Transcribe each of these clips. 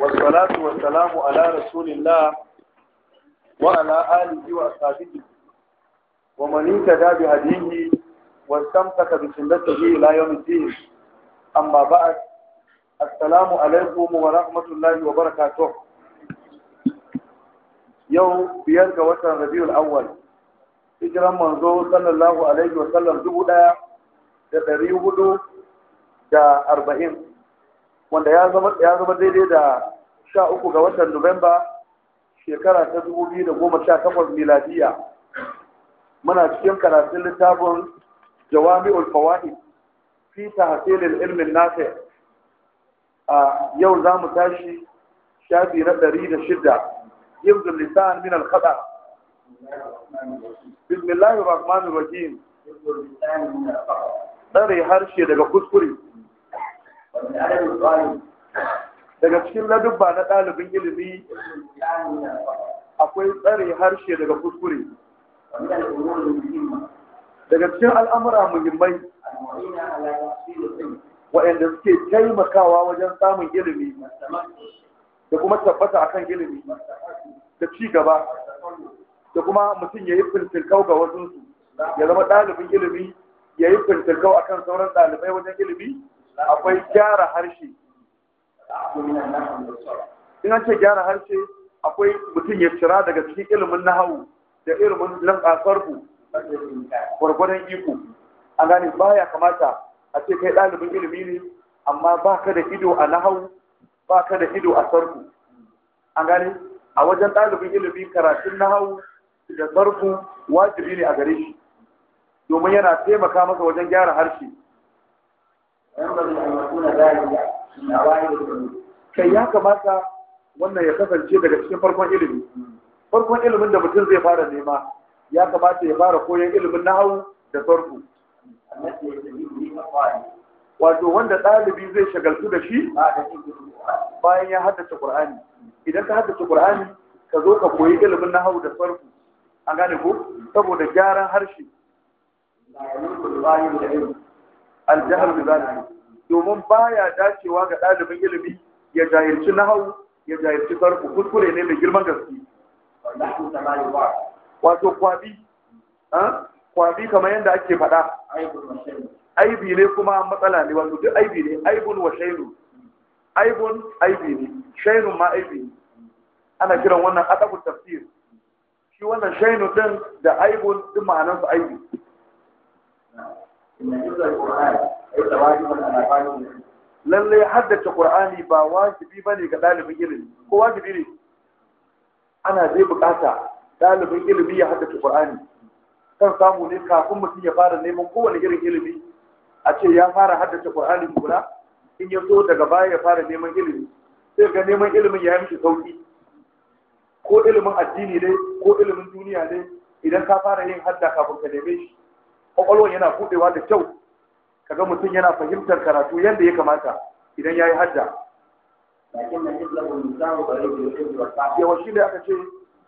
والصلاة والسلام على رسول الله وعلى آله وأصحابه ومن اهتدى بهديه واستمسك بسنته إلى يوم الدين أما بعد السلام عليكم ورحمة الله وبركاته يوم بيرك وتر ربيع الأول hijiran manzo صلى الله عليه وسلم dubu ɗaya da ɗari hudu da arba'in wanda ya zama daidai da sha uku ga watan Nuwamba shekara ta dubu biyu da goma sha takwas miladiya muna cikin karatun littafin jawami'ul fawaid fi tahsilil ilmin nafi a yau za mu tashi shafi na ɗari da shida yin lisan min al-khata bismillahir rahmanir rahim tsare harshe daga kuskure daga cikin ladubba na ɗalibin ilimi akwai tsare harshe daga kuskure daga cikin al'amura muhimmai waɗanda suke taimakawa wajen samun ilimi da kuma tabbata akan ilimi da ci gaba da kuma mutum ya yi fintinkau ga wasu ya zama ɗalibin ilimi ya yi fintinkau akan sauran ɗalibai wajen ilimi akwai gyara harshe in an ce gyara harshe akwai mutum ya cira daga cikin ilimin nahawu da ilimin farko gwargwadon iko an gane ya kamata a ce kai ɗalibin ilimi ne amma ba ka da ido a nahawu ba ka da ido a sarku a gane a wajen ɗalibin ilimi karatun nahawu da sarku wajibi ne a gare shi domin yana taimaka masa wajen gyara harshe kai ya kamata wannan ya kasance daga cikin farkon ilimi farkon ilimin da mutum zai fara nema ya kamata ya fara koyon ilimin hau da farko. wato wanda ɗalibi zai shagaltu da shi bayan ya haddace ƙur'ani idan ka haddace Kur'ani ka zo ka koyi ilimin hau da farko, an gane ko saboda gyaran harshe aljahar da zalimi domin baya dacewa ga ɗalibin ilimi ya jahilci nahawu ya jahilci sarku kuskure ne mai girman gaske wato kwabi kwabi kamar yadda ake faɗa aibi ne kuma matsala ne wato duk aibi ne aibun wa shainu aibun aibi ne shainun ma aibi ne ana kiran wannan adabun tafsir shi wannan shainu din da aibun din ma'anarsa aibi lallai haddace ƙur'ani ba wajibi ne ga ɗalibin ilimi ko wajibi ne ana zai buƙata ɗalibin ilimi ya haddace Kur'ani. kan samu ne kafin mutum ya fara neman kowane irin ilimi a ce ya fara haddace qur'ani guda in ya so daga baya ya fara neman ilimi sai ga neman ilimin ya yi mishi sauki ko ilimin addini ne ko ilimin duniya ne idan ka fara yin hadda kafin ka neme shi kwakwalwan yana buɗewa da kyau kaga mutum yana fahimtar karatu yadda ya kamata idan ya yi hajja. yawa shi ne aka ce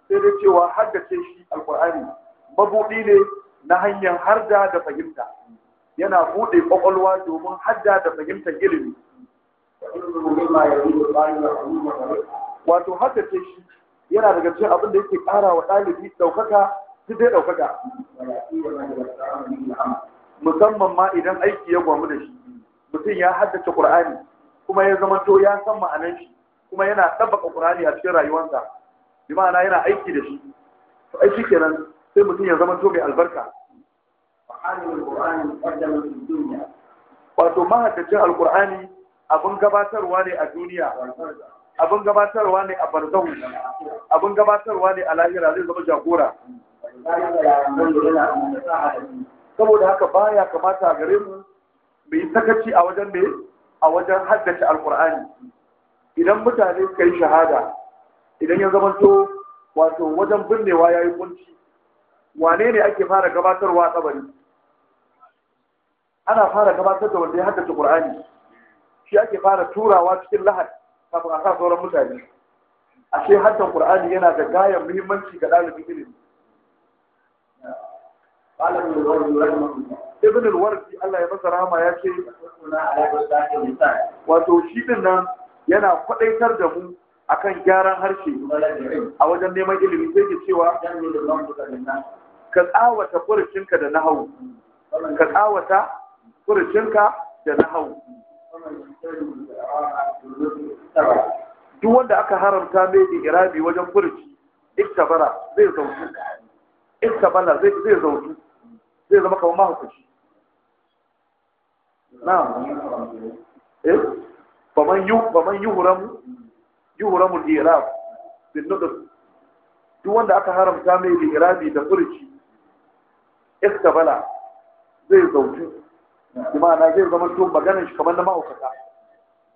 sai dai cewa haddace shi alkur'ani mabuɗi ne na hanyar harda da fahimta yana buɗe kwakwalwa domin hadda da fahimtar ilimi wato haddace shi yana daga cikin abin da yake ƙara wa ɗalibi ɗaukaka duk zai ɗaukaka musamman ma idan aiki ya gwamu da shi mutum ya haddace ƙur'ani kuma ya zama to ya san ma'anan shi kuma yana tabbaka ƙur'ani a cikin rayuwarsa bi ma'ana yana aiki da shi to ai shi kenan sai mutum ya zama to mai albarka wato mahaddacin alƙur'ani abin gabatarwa ne a duniya abin gabatarwa ne a barzahu abin gabatarwa ne a lahira zai zama jagora saboda haka baya kamata a gare mu mu yi sakaci a wajen me a wajen haddace alkur'ani idan mutane suka yi shahada idan ya zamanto wato wajen binnewa ya yi kunci wane ne ake fara gabatarwa a tsabari ana fara gabatar da wanda ya haddace qur'ani shi ake fara turawa cikin lahad kafin a sa sauran mutane ashe haddan qur'ani yana da gayan muhimmanci ga ɗalibin ilimi ibn al-wardi Allah ya masa rahama ya ce wato shi din nan yana kwadaitar da mu akan gyaran harshe a wajen neman ilimi sai ke cewa ka tsawata furucinka da nahawu ka tsawata furucinka da nahawu duk wanda aka haramta mai da irabi wajen furuci iktabara zai zautu iktabala zai zautu zai zama kamar mahaukaci na'am eh faman yu faman yuhramu yuhramu al-i'rab bin nudb duk wanda aka haramta mai al-i'rabi da furci iktabala zai zautu imana zai zama to maganar shi kamar na mahaukata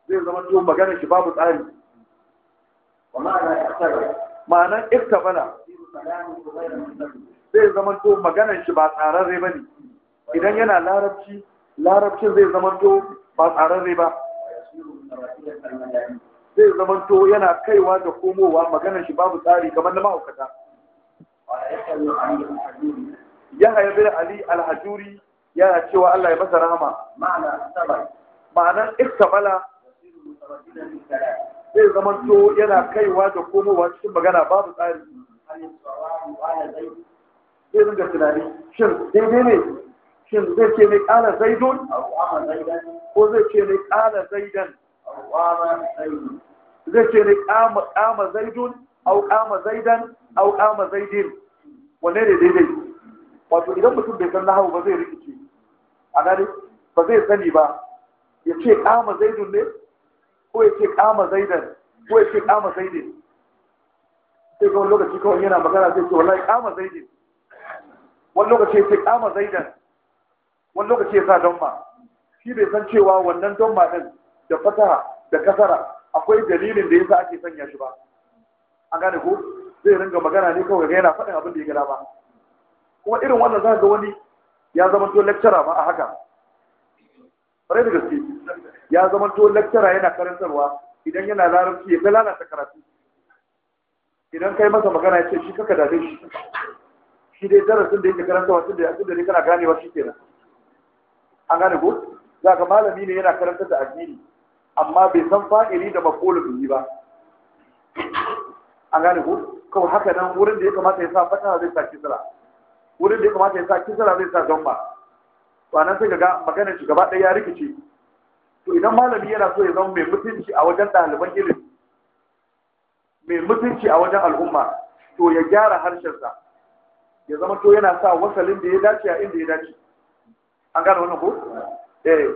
zai zama to maganar shi babu tsari ma'ana iktabala zai zama to maganar shi ba tsararre ba ne idan yana larabci larabcin zai zama to ba tsararre ba zai zama to yana kaiwa da komowa maganar shi babu tsari kamar na ma'aukata ya haifi ali alhajuri yana cewa Allah ya masa rahama ma'anar Bala zai zama to yana kaiwa da komowa cikin magana babu tsari sai ringa tunani shin daidai ne shin zai ce mai kala zaidun ko zai ce mai kala zaidan zai ce mai kama zaidun au kama zaidan au kama zaidin wanne ne daidai wato idan mutum bai san nahawu ba zai rikice a gani ba zai sani ba ya ce kama zaidun ne ko ya ce kama zaidan ko ya ce ƙama zaidin sai kawai lokaci kawai yana magana zai ce wallahi kama zaidin wani lokaci ya ce kama zaidan wani lokaci sa donma shi bai san cewa wannan donma din da fasaha da kasara akwai dalilin da ya yasa ake sanya shi ba an gane ko zai ringa magana ne kawai ga yana faɗin abin da ya gada ba kuma irin wannan za ga wani ya zama to lecturer ma a haka bare da gaske ya zama to lecturer yana karantarwa idan yana larabci ya lalata karatu idan kai masa magana ya ce shi kaka dade shi shi dai darasin da yake karanta wasu da yakin da ne kana ganewa shi kenan an gane ko za ka malami ne yana karanta da addini amma bai san fa'ili da maqulun yi ba an gane ko kawai haka nan wurin da ya kamata ya sa fata zai sa kisra wurin da ya kamata ya sa kisra zai sa zamba. to anan sai ga maganar shi gaba ɗaya ya rikice to idan malami yana so ya zama mai mutunci a wajen ɗaliban ilimi mai mutunci a wajen al'umma to ya gyara harshensa ya zama to yana sa wasalin da ya dace a inda ya dace an gane wannan ko eh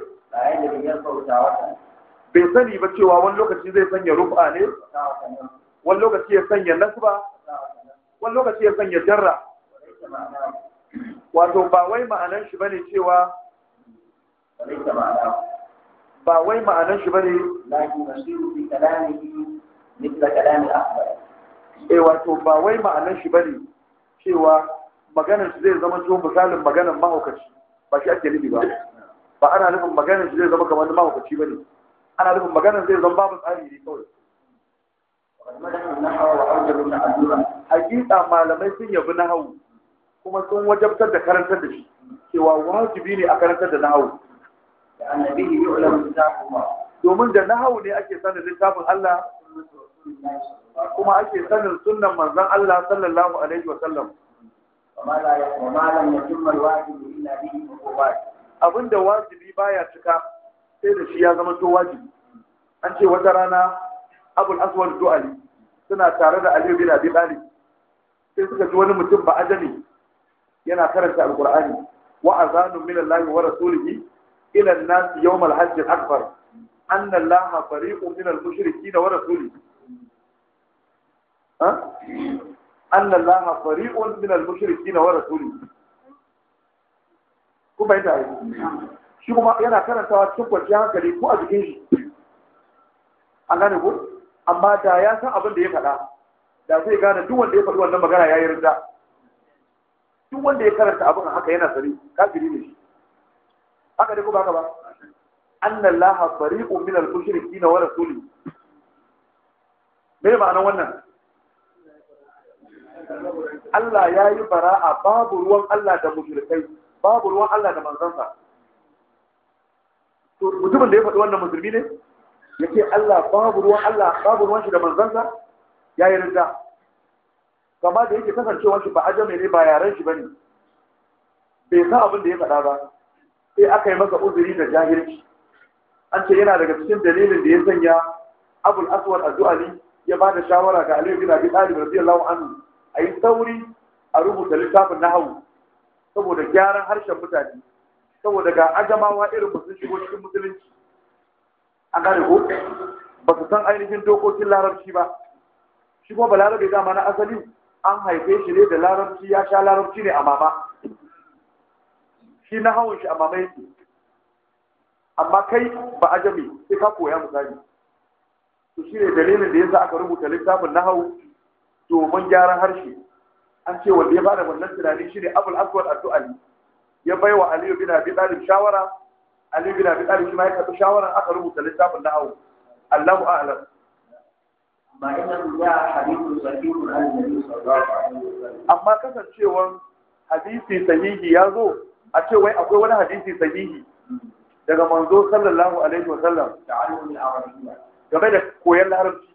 bai sani ba cewa wani lokaci zai sanya rufa ne wani lokaci ya sanya nasba wani lokaci ya sanya jarra wato ba wai ma'anan shi bane cewa ba wai ma'anan shi bane eh wato ba wai ma'anan shi bane cewa maganar su zai zama to misalin maganar mahaukaci ba shi ake nufi ba ba ana nufin maganar su zai zama kamar mahaukaci ba ne ana nufin maganar zai zama babu tsari ne kawai hakika malamai sun yabi na hau, kuma sun wajabtar da karantar da shi cewa wajibi ne a karantar da na hau. domin da na hau ne ake sanin littafin Allah kuma ake sanin sunan manzan Allah sallallahu alaihi wa sallam abin da wajibi baya cika sai da shi ya zama to wajibi an ce wata rana abul aswad ali suna tare da aliyu bin abi talib sai suka ji wani mutum ba ajami yana karanta alqur'ani wa azanu min allahi wa rasulihi ila an-nas yawm al-hajj al-akbar anna allaha fariqun min al-mushrikeen wa rasulihi أن الله fari'un من المشركين ورسوله كما rasulihi ku bai da shi kuma yana karantawa cikin kwanciyar أنا ko a jikin shi an gane ku amma da ya san abin da ya faɗa da zai gane wanda ya faɗi wannan magana ya yi karanta abin haka yana ne shi haka dai kuma haka ba anna laha fari'un min al-mushrikin wa rasulihi me ma'anar wannan Allah ya yi bara'a babu ruwan Allah da mushrikai babu ruwan Allah da manzansa to mutumin da ya faɗi wannan musulmi ne yake Allah babu ruwan Allah babu ruwan shi da manzansa ya yi rinda kama da yake kasancewar shi ba ajami ne ba yaren shi bane bai san abin da ya faɗa ba sai aka yi masa uzuri da jahilci an ce yana daga cikin dalilin da ya sanya abul aswad addu'ali ya ba da shawara ga aliyu bin abi talib radiyallahu anhu a yi sauri a rubuta littafin na hau saboda gyaran harshen mutane saboda ga ajamawa irin musu shigo cikin musulunci an gane ko ba su san ainihin dokokin larabci ba shi kuma balarabe zama na asali an haife shi ne da larabci ya sha larabci ne a mama shi na hawan shi a mama yake amma kai ba ajami sai ka koya misali to shi ne dalilin da yasa aka rubuta littafin na hau. domin gyaran harshe an ce wanda ya bada wannan tunani shine abul aswad addu'ali ya bai wa aliyu bin abi talib shawara aliyu bin abi talib shi ma ya karɓi shawaran aka rubuta littafin na hawo allahu a'lam ma inna ya hadithu sahihun an nabi sallallahu alaihi wasallam amma kasancewar hadisi sahihi ya zo a ce wai akwai wani hadisi sahihi daga manzo sallallahu alaihi wa sallam wasallam game da koyon larabci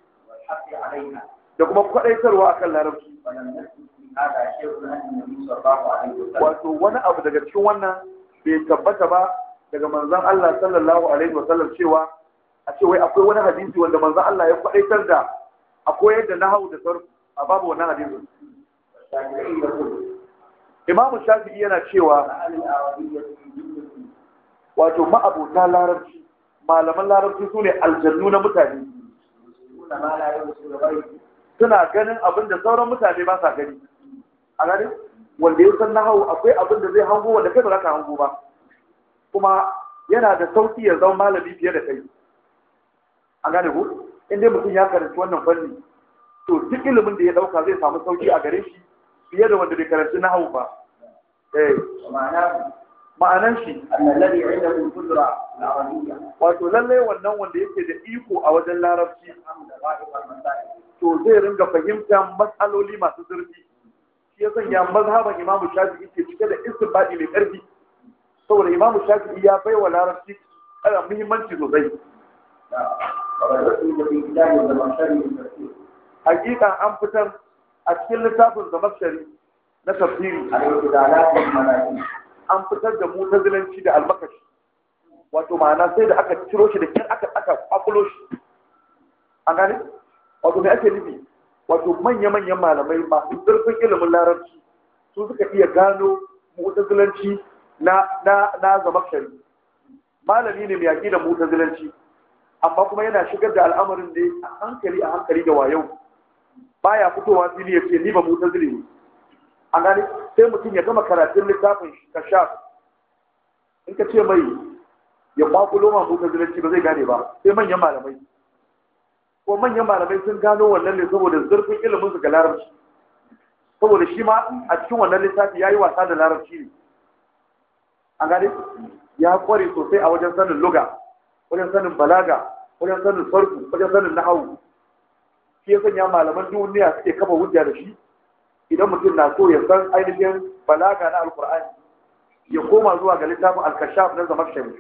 da kuma kwadaitarwa akan larabci wato wani abu daga cikin wannan bai tabbata ba daga manzon Allah sallallahu alaihi wasallam cewa a ce wai akwai wani hadisi wanda manzon Allah ya kwadaitar da akwai yadda nahwu da sarf a babu wannan hadisi Imam Shafi'i yana cewa wato ma'abuta larabci malaman larabci su ne aljannu na mutane suna ganin abin da sauran mutane ba sa gani a gani wanda ya san na hau akwai abin da zai hango wanda kai ba za ka hango ba kuma yana da sauki ya zama malami fiye da kai a gane ku in dai mutum ya karanci wannan fanni to duk ilimin da ya dauka zai samu sauki a gare shi fiye da wanda bai karanci hau ba eh ma'anan shi wato lallai wannan wanda yake da iko a wajen larabci to zai ringa fahimtar matsaloli masu zurfi shi ya sanya mazhaban imamu shafi'i ke cike da istinbadi mai karfi saboda imamu shafi'i ya bai wa larabci ana eh, muhimmanci sosai hakika an fitar a cikin littafin zamashari na tafsiri an fitar da mutazilanci da almakashi wato ma'ana sai da aka ciro shi da kyan aka aka kwakulo shi an gane wato me ake nufi wato manya-manyan malamai masu zurfin ilimin larabci su suka iya gano mutazilanci na na shari malami ne mai yaƙi da mutazilanci amma kuma yana shigar da al'amarin ne a hankali a hankali da wayau baya fitowa fili ya ce ni ba mutazili ne a gani sai mutum ya gama karatun littafin ka sha in ka ce mai ya kwakulo ma mutazilanci ba zai gane ba sai manyan malamai ko manyan malamai sun gano wannan ne saboda zurfin ilimin su ga larabci saboda shi ma a cikin wannan littafi yayi wasa da larabci ne an gane ya kware sosai a wajen sanin luga wajen sanin balaga wajen sanin farko wajen sanin nahawu shi ya sanya malaman duniya suke kafa hujja da shi idan mutum na so ya san ainihin balaga na alkur'ani ya koma zuwa ga littafin alkashaf na zamar shari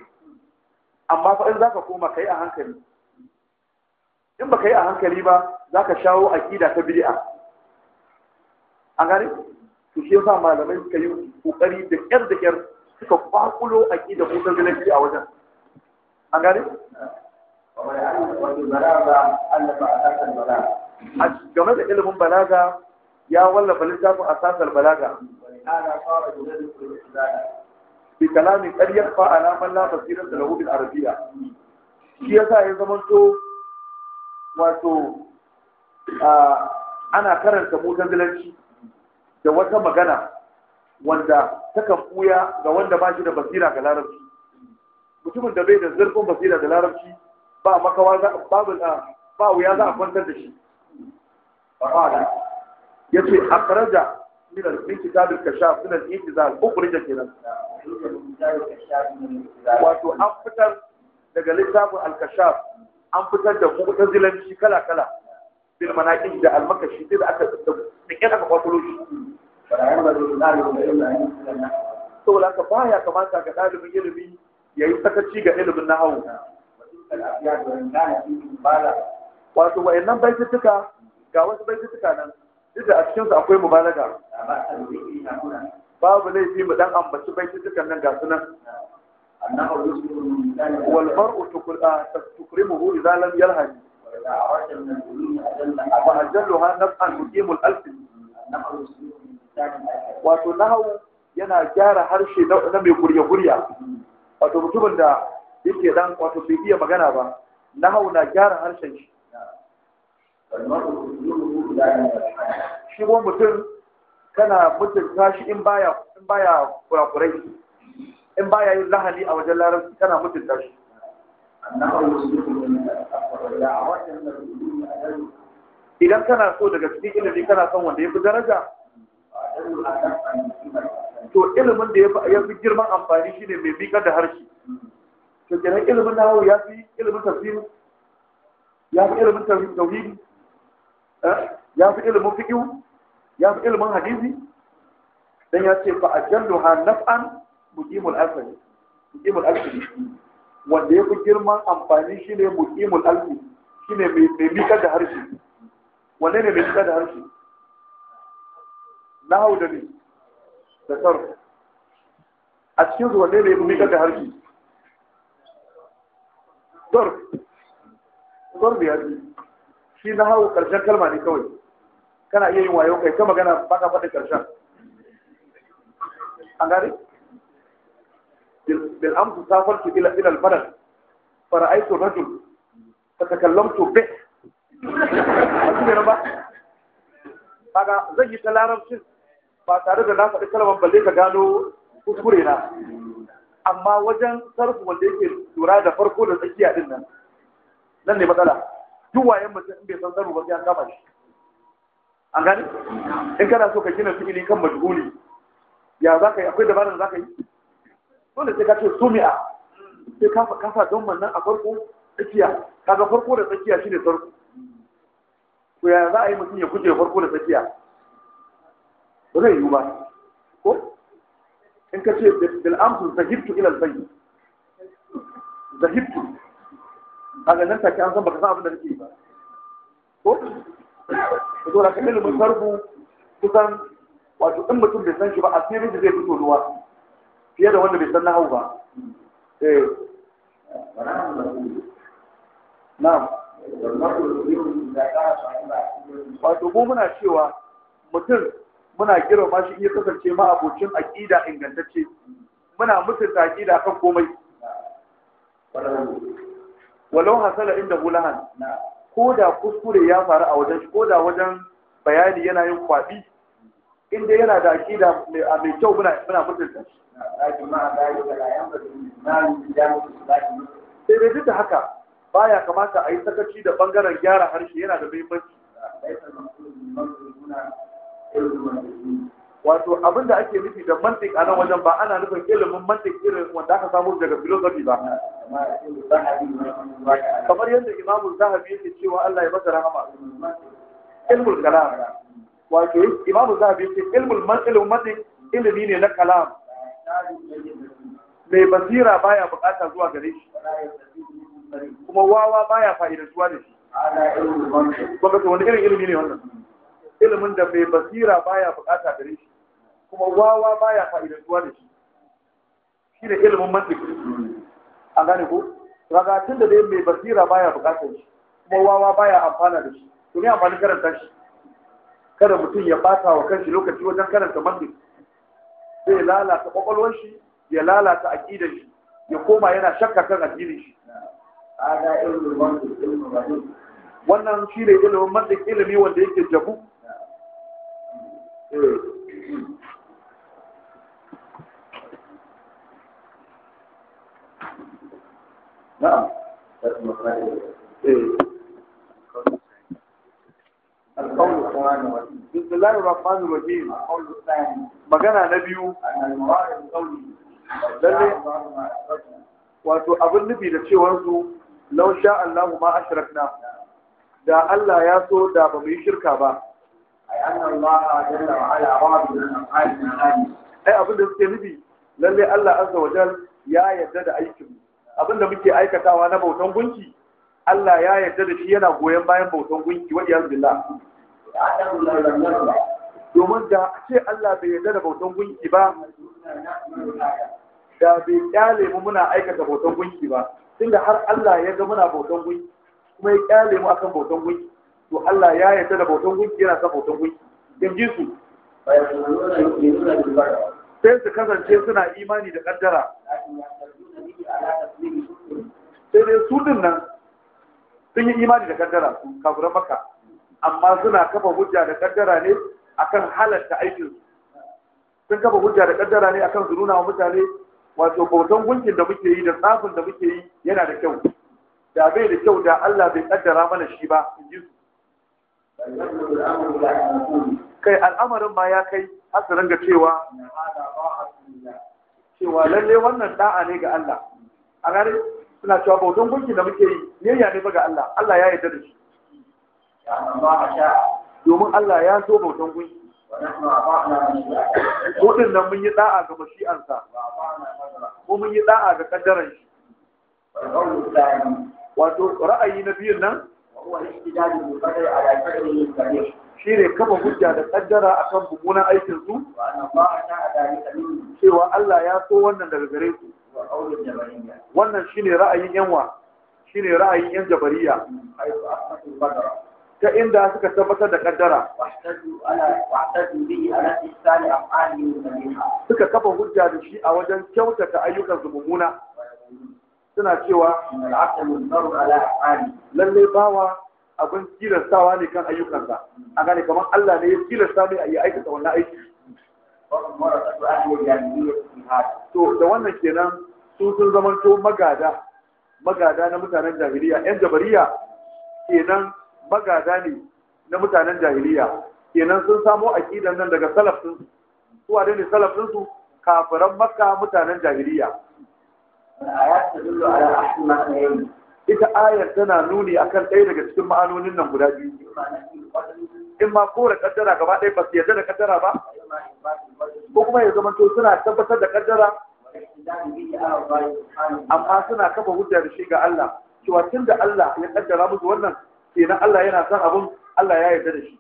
amma fa in zaka koma kai a hankali in baka yi a hankali ba za ka shawo aƙida ta bid'a A gane to shi yasa malamai suka yi kokari da ƙyar da ƙyar suka kwakulo aƙida ko tazalaci a wajen A gane a game da ilimin balaga ya wallafa littafin asasar balaga bi kalamin ƙaryar fa'ala man la da lahu bil arabiya shi yasa ya zamanto wato ana karanta mutazilanci da wata magana wanda takan buya ga wanda ba shi da basira ga larabci mutumin da bai da zurfin basira da larabci ba makawa za babu ba wuya za a kwantar da shi ya ce a karaja min al-min suna kashaf min al-intizal ukhrija kenan wato an fitar daga littafin alkashaf an fitar da ta zilanci kala kala bil manaqib da almakashi sai da aka da kyan aka kwakulo shi saboda haka baya kamata ga dalibin ilimi ya yi sakaci ga ilimin nahawu wato wayannan tuka ga wasu bai tuka nan duk da a cikin su akwai mubalaga babu laifi mu dan ambaci bai tuka nan ga sunan والمرء تكرمه إذا لم يلهج وأجلها نفعا مقيم الألف wato nahau yana gyara harshe na mai kurya wato mutumin da yake dan wato bai iya magana ba nahau na gyara harshen shi shi mutum kana mutunta shi in baya kurakurai in ba ya yin lahani a wajen larabci tana mutunta shi idan kana so daga cikin ilimi kana son wanda ya fi daraja to ilimin da ya fi girman amfani shi ne mai bikar da harshe to kenan ilimin nahawu ya fi ilimin tafsiri ya fi ilimin tauhidi eh, ya fi ilimin fiƙi ya fi ilimin hadisi dan ya ce fa doha naf'an muqimul asali muqimul asali wanda ya fi girman amfani shine muqimul shi shine mai mika da harshe wanne ne mai mika da harshe hau da ne da sarf a cikin su wanne ne mai mika da harshe sarf sarf mai harshe. shi na hau karshen kalma ne kawai kana iya yin wayo kai ta magana baka faɗi karshen an gari? bil amsu safartu ila ila al balad fara'aytu rajul fatakallamtu bi kaga zan yi ta larabcin ba tare da na faɗi kalmar balle ka gano kuskure na amma wajen sarfu wanda yake lura da farko da tsakiya din nan ne matsala duk wayan mutum in bai san sarfu ba sai an kama shi an gane in kana so ka gina fi'ili kan majhuli ya za ka yi akwai dabarar da za ka yi dole sai ka ce mi'a sai ka kasa don wannan a farko tsakiya kaga farko da tsakiya shine farko Ku yaya za a yi mutum ya guje farko da tsakiya ba zai yiwu ba ko in ka ce bil amsu zahibtu ila zahiftu. zahibtu kaga nan take an san baka san abin da kake ba ko to da kan ilimin sarfu kusan wato in mutum bai san shi ba asirin da zai fito ruwa fiye da wanda bai san nahawu ba eh na muna cewa mutum muna girma shi iya kasance ma abocin aƙida ingantacce muna mutunta aƙida kan komai walau hasala inda hulahan ko da kuskure ya faru a wajen shi ko da wajen bayani yana yin kwaɓi in dai yana da a mai kyau muna muna mutunta shi sai eh, dai duk da haka baya kamata a yi sakaci da bangaren gyara harshe yana da muhimmanci wato abin ake nufi da mantik a nan wajen ba ana nufin ilimin mantik irin wanda aka samu daga filosofi ba kamar yadda imamu zahabi yake cewa Allah ya masa rahama ilmul kalam wato imamu bi ce ilmul mantilu mantik ilimi ne na kalam mai basira baya bukata zuwa gare shi kuma wawa baya fa'idantuwa da shi kuma to wani irin ilimi ne wannan ilimin da mai basira baya bukata gare shi kuma wawa baya fa'idantuwa da shi shi ne ilimin matsi a gane ko ragatun da dai mai basira baya bukatar shi kuma wawa baya amfana da shi to amfani karanta shi kada mutum ya bata wa kanshi lokaci wajen karanta mantik zai lalata kwakwalwar shi ya lalata aqidar shi ya koma yana shakka kan addinin shi wannan shi ne ilimin mantik ilimi wanda yake jabu eh. Eh. بسم الله الرحمن الرحيم magana na biyu lalle wato abin nufi da cewar su law sha Allah ma ashrakna da Allah ya so da ba yi shirka ba ai abin da suke nufi lalle Allah azza wa jal ya yadda da aikin mu abin da muke aikatawa na bautan gunki Allah ya yadda da shi yana goyon bayan bautan gunki wa iyaz billah domin da a ce Allah bai yarda da bautan gunki ba da bai kyale mu muna aikata bautan gunki ba tunda har Allah ya ga muna bautan gunki kuma ya kyale mu akan bautan gunki to Allah ya yarda da bautan gunki yana sa bautan gunki in ji su sai su kasance suna imani da kaddara sai dai su din nan sun yi imani da kaddara kafiran maka amma suna kafa hujja da kaddara ne akan halarta aikin sun kafa hujja da kaddara ne akan su nuna wa mutane wato bautan gunkin da muke yi da tsafin da muke yi yana da kyau da bai da kyau da Allah bai kaddara mana shi ba in ji su kai al'amarin ma ya kai har su ringa cewa cewa lalle wannan da'a ne ga Allah a gare suna cewa bautan gunkin da muke yi ne ne ba ga Allah Allah ya yarda da shi domin Allah ya so bautan gunki ko nan mun yi da'a ga mashi'arsa ko mun yi da'a ga kaddaran shi wato ra'ayi na biyun nan shi ne kama hujja da kaddara akan mummunan aikin su cewa Allah ya so wannan daga gare su wannan shi ne ra'ayin yanwa shi ne ra'ayin yan jabariya ta inda suka tabbatar da kaddara suka kafa hujja da shi a wajen kyautata ayyukan su mummuna suna cewa lallai bawa abin tilastawa ne kan ayyukansa a gane kamar Allah ne ya tilasta ne a yi aikata wannan aiki to da wannan kenan su sun zamanto magada magada na mutanen jahiliya yan jabariya kenan magada ne na mutanen jahiliya kenan sun samo aqidan nan daga salafin su wane ne salafin su kafiran makka mutanen jahiliya ita ayar tana nuni akan ɗaya daga cikin ma'anonin nan guda biyu in ma kore kaddara gaba ɗaya ba su yarda da kaddara ba ko kuma ya zama to suna tabbatar da kaddara amma suna kafa hujja da shi ga Allah cewa tun da Allah ya kaddara musu wannan kenan Allah yana son abin Allah ya yarda da shi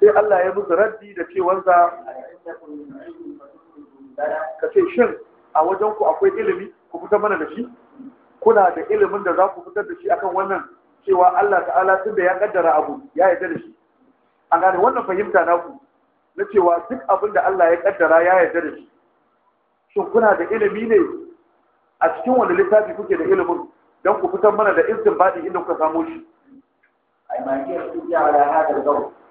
sai Allah ya musu raddi da cewansa ka ce shin a wajen ku akwai ilimi ku fitar mana da shi kuna da ilimin da za ku fitar da shi akan wannan cewa Allah ta'ala tun da ya kaddara abu ya yarda da shi an gane wannan fahimta ku na cewa duk abin da Allah ya kaddara ya yarda da shi shin kuna da ilimi ne a cikin wani littafi kuke da ilimin don ku fitar mana da istinbadi inda kuka samo shi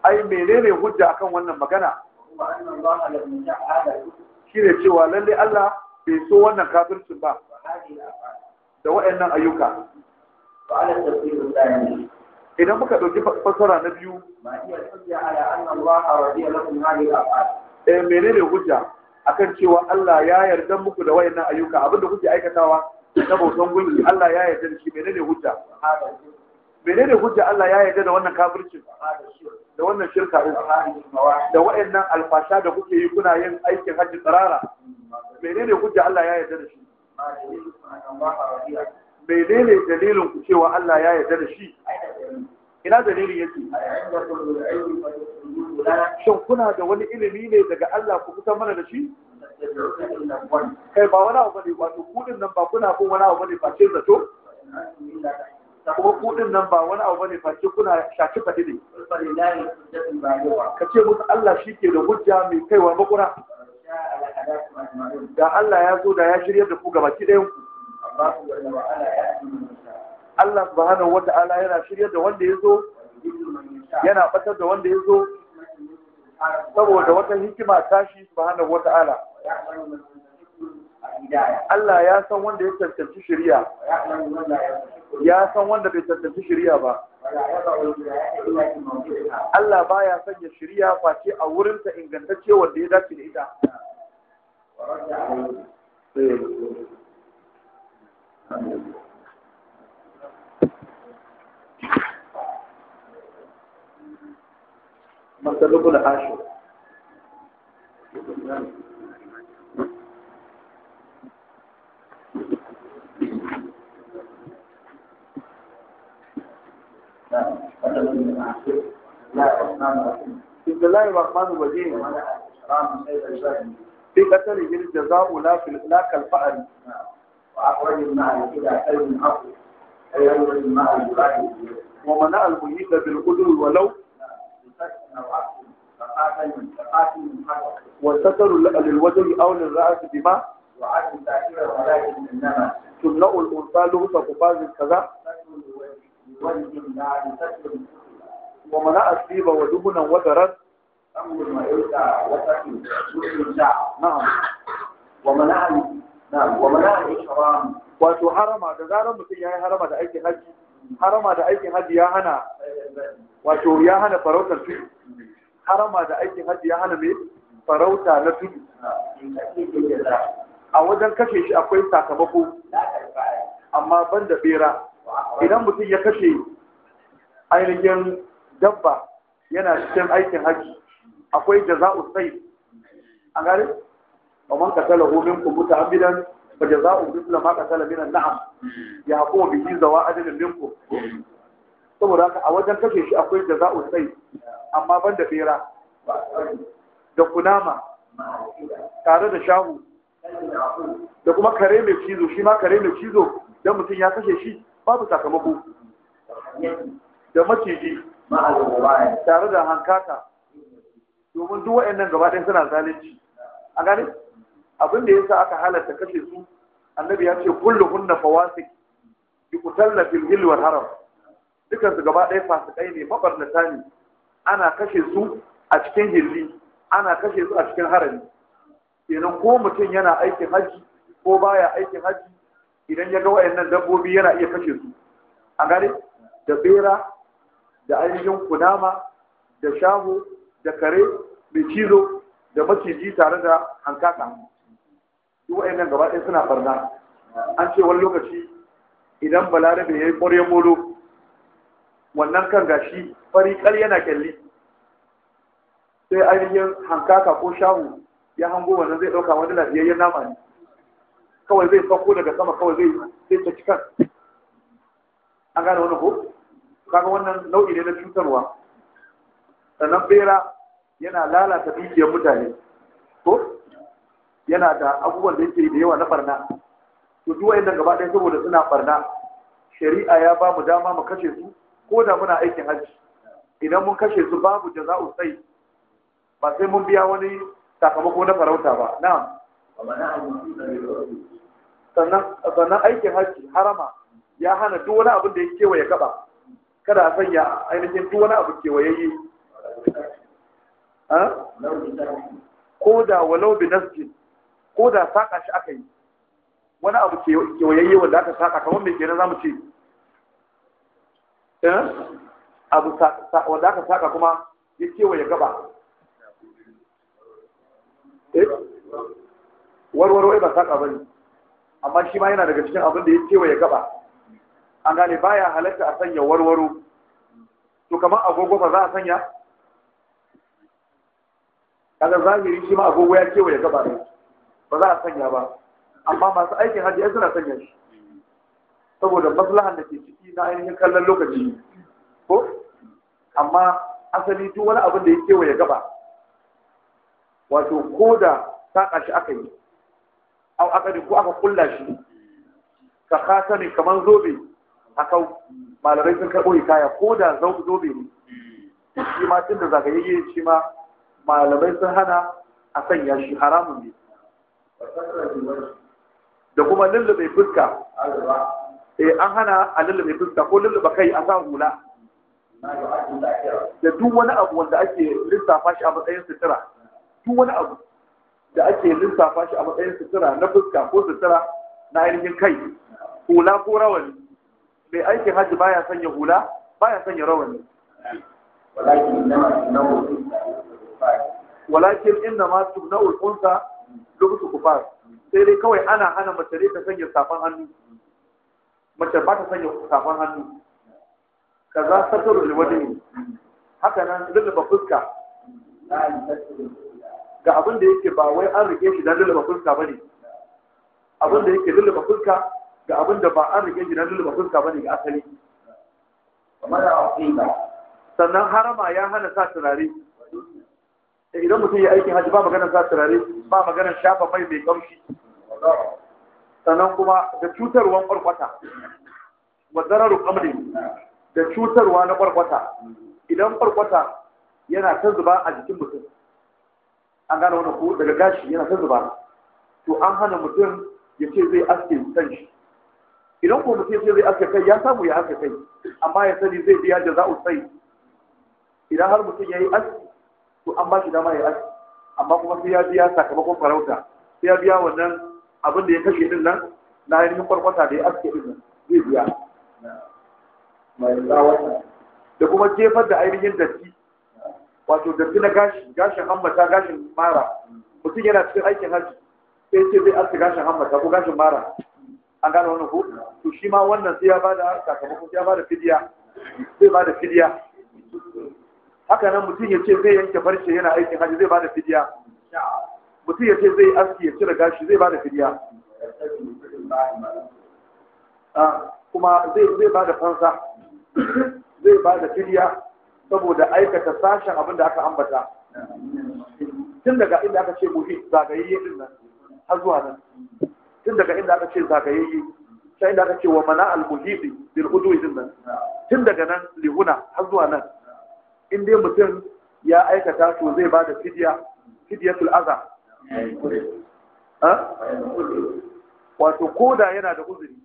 ai menene hujja akan wannan magana shi ne cewa lalle Allah bai so wannan kafircin ba da wa'annan ayyuka idan muka ɗauki fassara na biyu eh menene hujja akan cewa Allah ya yarda muku da wa'annan ayyuka abinda kuke aikatawa na bautan gunki Allah ya yarda da shi menene hujja menene hujja Allah ya yarda da wannan kafircin da wannan shirka din da waɗannan alfasha da kuke yi kuna yin aikin hajji tsirara menene hujja Allah ya yarda da shi menene dalilin ku cewa Allah ya yarda da shi ina dalilin yake shin kuna da wani ilimi ne daga Allah ku fitar mana da shi kai ba wani abu bane wato kudin nan ba kuna bin wani abu bane face zato kuma kudin nan ba wani abu bane face kuna shaci fadi ne ka ce musu Allah shi ke da hujja mai kaiwa makura da Allah ya zo da ya shirya da ku gabaki ɗayan ku Allah subhanahu wata'ala yana shirya da wanda ya zo yana batar da wanda ya zo saboda wata hikima tashi subhanahu wata'ala Allah ya san wanda ya cancanci shari'a ya san wanda bai cancanci shari'a ba Allah baya sanya shari'a face a wurin inganta ingantacce wanda ya dace da ita Masalukul Ashur. بسم الله الرحمن الرحيم في قتله الجزاء لا في لا كالفأل وأخرج الماء إلى قلب عقل أي أول الماء ومنع المهيب بالقدر ولو وستر للوجه أو للرأس بما وعدم تأثير ولكن إنما تمنع الأنثى لغة قفاز كذا ومن أصيب ودبنا وذرت أمر ما يلقى وتكن نعم ومن نعم ومن harama da zarar mutum ya yi harama da aikin hajji harama da aikin hajji ya hana wato ya hana harama da aikin hajji ya hana mai farauta na tudu a wajen kashe shi akwai sakamako amma ban da bera idan mutum ya kashe ainihin dabba yana cikin aikin haji akwai za'u sai a gari A man homin ku hu minkum muta'ammidan fa jaza'u mithla ma qatala min an-na'am ya hukuma bihi zawa adalin minkum saboda haka a wajen kashe shi akwai za'u sai amma ban da bera da kunama tare da shahu da kuma kare mai cizo shi ma kare mai cizo don mutum ya kashe shi babu sakamako da maciji tare da hankata. domin duk waɗannan gaba ɗaya suna zalunci a gani abin da yasa aka halarta kashe su annabi ya ce kullu hunna fawasik yuqtalna fil hil wal haram dukansu gaba ɗaya fasikai ne mabarnata ne ana kashe su a cikin hilli ana kashe su a cikin harami kenan ko mutum yana aikin haji ko baya aikin haji idan ya ga wayannan dabbobi yana iya kashe su a gare da bera da ainihin kunama da shaho da kare mai cizo da maciji tare da hankaka duk wayannan gaba ɗaya suna barna an ce wani lokaci idan balarabe ya yi ƙwarya molo wannan kan gashi fari ƙarya yana kyalli sai ainihin hankaka ko shahu ya hango wannan zai ɗauka wani lafiyayyen nama ne kawai zai sauko daga sama kawai zai zai ta cikin? an gane wani ko kaga wannan nau'i ne na cutarwa sannan bera yana lalata dukiyar mutane ko yana da abubuwan da yake da yawa na barna to duk da gaba ɗaya saboda suna barna shari'a ya ba mu dama mu kashe su ko da muna aikin hajji idan mun kashe su babu da za'u sai ba sai mun biya wani sakamako na farauta ba na'am sannan aikin haji harama ya hana duk wani abin da ya kewa ya gaba kada a sanya ainihin duk wani abu yi. ko da walau bi nasjin ko da saƙa shi aka yi wani abu kewayayye wanda aka saƙa kamar mai kenan za mu ce abu wanda aka saƙa kuma ya kewaye gaba eh? warwaro ba saƙa ba ne amma shi ma yana daga cikin abin da ya wa ya gaba an gane baya halatta a sanya warwaro to kamar agogo ba za a sanya kaga zahiri shi ma agogo ya ya gaba ne ba za a sanya ba amma masu aikin hajji ya suna sanya shi saboda maslahan da ke ciki na ainihin kallon lokaci ko amma asali duk wani abin da ya wa ya gaba wato ko da ta shi aka yi au ne ko aka kulla shi ka ne kamar zobe kau. malamai sun karɓo hikaya ko da zobe ne shi ma tun da zagayayye shi ma malamai sun hana a sanya shi haramun ne da kuma lullube fuska eh an hana a lullube fuska ko lullube kai a sa hula da duk wani abu wanda ake lissafa shi a matsayin sutura duk wani abu da ake lissafa shi a matsayin sutura na fuska ko sutura na ainihin kai hula ko rawani mai aikin hajji baya sanya hula baya sanya rawani walakin inda ma tubna ulkunsa lokacin kufar sai dai kawai ana hana mace ne ta sanya safan hannu mace ba ta sanya safan hannu kaza satarul wajhi haka nan lullaba fuska ga abin da yake ba wai an rike shi dan lulluba fuska ne abin da yake lulluba fuska ga abin da ba an rike shi dan lulluba fuska ne ga asali sannan harama ya hana sa turare eh, idan mutum ya aikin hajji ba maganar sa turare ba maganar shafa mai mai kamshi sannan kuma da cutarwan kwarkwata wa zararu kamri da cutarwa na kwarkwata idan kwarkwata yana ta zuba a jikin mutum an gane wani ko daga gashi yana ta zuba to an hana mutum ya ce zai aske kan shi idan ko mutum ya ce zai aske kai ya samu ya aske kai amma ya sani zai biya da za'u sai idan har mutum ya yi aski to an ba shi dama ya aski amma kuma sai ya biya sakamakon farauta sai ya biya wannan abin da ya kashe din nan na ainihin kwarkwata da ya aske din nan zai biya da kuma jefar da ainihin datti wato datti na gashi gashin hammata gashin mara mutum yana cikin aikin hajji sai ce zai aske gashin hammata ko gashin mara an gane wannan ko to shi ma wannan sai ya ba da sakamakon sai ya ba da fidiya zai da fidiya haka nan mutum ya ce zai yanke farce yana aikin hajji zai ba da fidiya mutum ya ce zai aski ya cire gashi zai ba da fidiya ah, kuma zai ba da fansa zai ba da fidiya saboda aikata sashen abin da aka ambata tun daga inda aka ce muhim zagayayye din nan har zuwa nan tun daga inda aka ce zagayayye sai inda aka ce wa mana al-muhidi bil udwi din nan tun daga nan lihuna har zuwa nan in dai mutum ya aikata to zai ba da fidya fidyatul ha wato koda yana da uzuri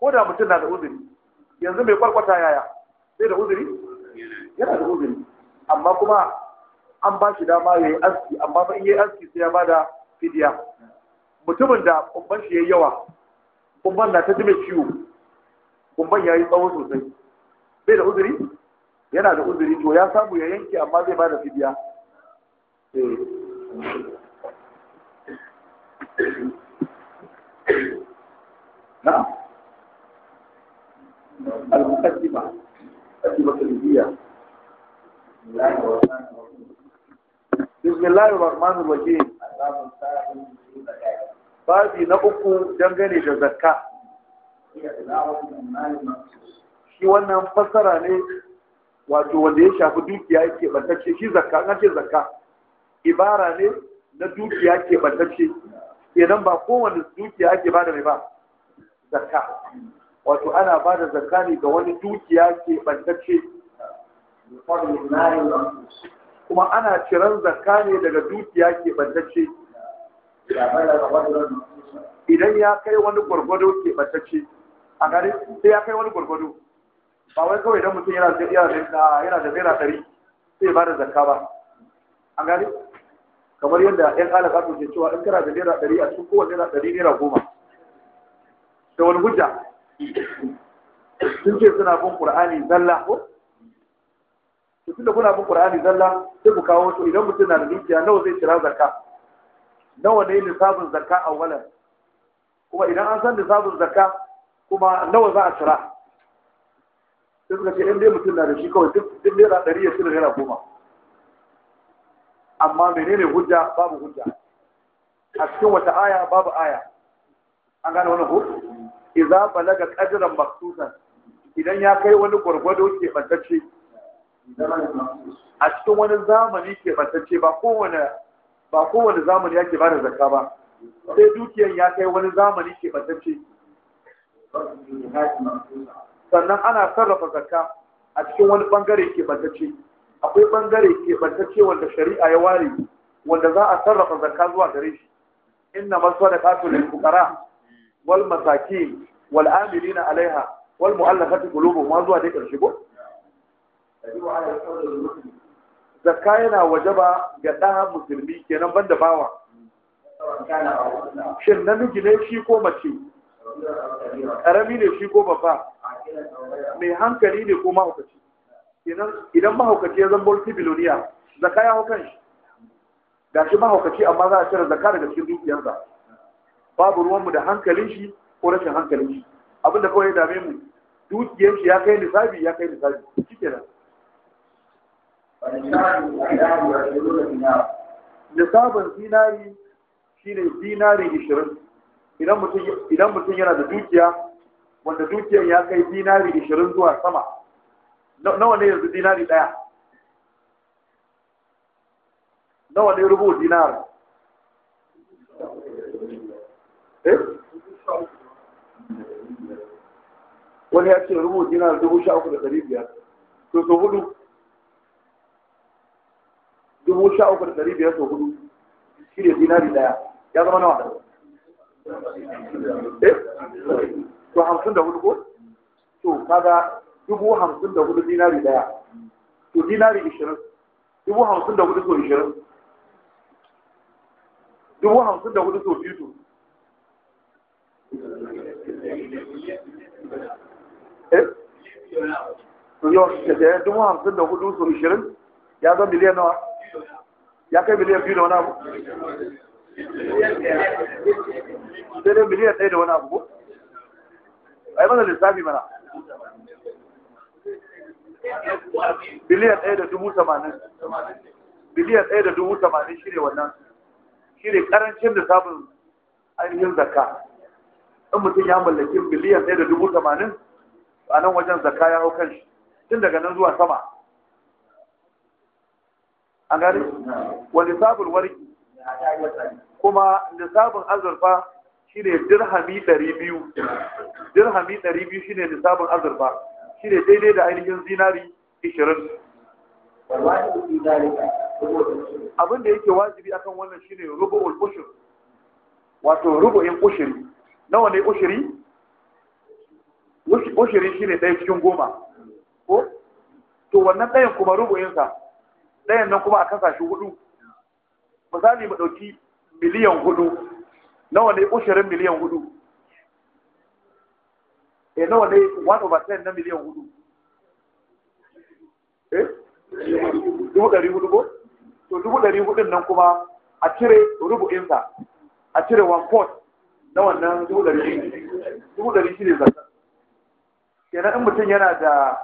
koda mutum na da uzuri yanzu mai kwarkwata yaya sai da uzuri yana da uzuri amma kuma an ba shi dama ya yi aski amma ba yi aski sai ya ba da fidiya mutumin da kumban shi ya yi yawa kumban na ta jime ciwo kumban ya yi tsawo sosai bai da uzuri yana da uzuri to ya samu ya yanke amma zai ba da fidiya al المقدمة المقدمة الهدية بسم الله الرحمن الرحيم بابي na uku dangane da zakka shi wannan fassara ne wato wanda ya shafi dukiya yake bantacce shi zakka an ce zakka ibara ne na dukiya ke bantacce kenan ba kowane dukiya ake bada mai ba zakka wato ana bada zakka ne ga wani dukiya ke bantacce kuma ana ciran zakka ne daga dukiya ke bantacce idan ya kai wani gwargwado ke bantacce a gari sai ya kai wani gwargwado ba wai kawai idan mutum yana da naira ɗari sai ba da zakka ba a gari kamar yadda yan alaƙa ke cewa in kana da naira ɗari a cikin kowane naira ɗari naira goma da wani hujja sun ce suna bin ƙur'ani zalla ko tunda kuna bin Qur'ani zalla sai ku kawo su idan mutum na da dukiya nawa zai kira zakka nawa ne lissafin zakka a walan kuma idan an san lissafin zakka kuma nawa za a cira sai suka ce in dai mutum na da shi kawai duk naira ɗari ya cire naira goma amma menene hujja babu hujja a cikin wata aya babu aya an gane wani ko idza balaga qadran maqsusan idan ya kai wani gwargwado ke bantacce a cikin wani zamani ke matacce ba kowane ba kowane zamani yake bada zakka ba sai dukiyan ya kai wani zamani ke matacce sannan ana sarrafa zakka a cikin wani bangare ke matacce akwai bangare ke matacce wanda shari'a ya ware wanda za a sarrafa zakka zuwa gare shi inna masadaqatu lil fukara? wal masakin wal amilina alaiha wal mu'allafati ma zuwa dai karshe ko zakka yana wajaba ga ɗan musulmi kenan ban da bawa shin namiji ne shi ko mace ƙarami ne shi ko babba mai hankali ne ko mahaukaci idan mahaukaci ya zama biloniya zakka ya hau shi ga shi mahaukaci amma za a cire zakka daga cikin dukiyarsa babu ruwanmu da hankalin shi ko rashin hankalin shi abinda kawai ya dame mu dukiyar shi ya kai nisabi ya kai nisabi shi kenan nisabin zinari shi ne zinari ishirin idan mutum yana da dukiya wanda dukiyar ya kai zinari ishirin zuwa sama nawa ne yanzu zinari ɗaya nawa ne rubu zinari? Eh? wani ya ce rubu zinari dubu sha uku da ɗari biyar to so hudu dubu sha uku da ɗari biyar sau hudu shi ne dinari ɗaya ya zama nawa eh to hamsin da hudu ko to kaga dubu hamsin da hudu dinari ɗaya to dinari ishirin dubu hamsin da hudu sau ishirin dubu hamsin da hudu sau biyu to eh to yau dubu hamsin da hudu sau ishirin ya zama miliyan nawa ya kai miliyan biyu da wani abu sai dai miliyan ɗaya da wani abu ko ai mana lissafi mana biliyan ɗaya da dubu tamanin biliyan ɗaya da dubu tamanin shi ne wannan shi ne ƙarancin da samun ainihin zakka in mutum ya mallaki biliyan ɗaya da dubu tamanin a nan wajen zakka ya hau kan shi tun daga nan zuwa sama an gari wa nisabul warqi kuma nisabin azurfa shine dirhami 200 dirhami 200 shine nisabin azurfa shine daidai da ainihin zinari 20 abin da yake wajibi akan wannan shine rubu'ul ushur wato rubu'in ushuri nawa ne ushuri ushuri shine ɗaya cikin goma ko to wannan ɗayan kuma rubu'insa ɗayan nan kuma a kasa shi hudu misali mu ɗauki miliyan hudu nawa ne ushirin miliyan hudu eh nawa ne one over ten na miliyan hudu eh dubu ɗari hudu ko to dubu ɗari hudun nan kuma a cire rubu'insa a cire one port na wannan dubu ɗari dubu ɗari shi ne zata kenan in mutum yana da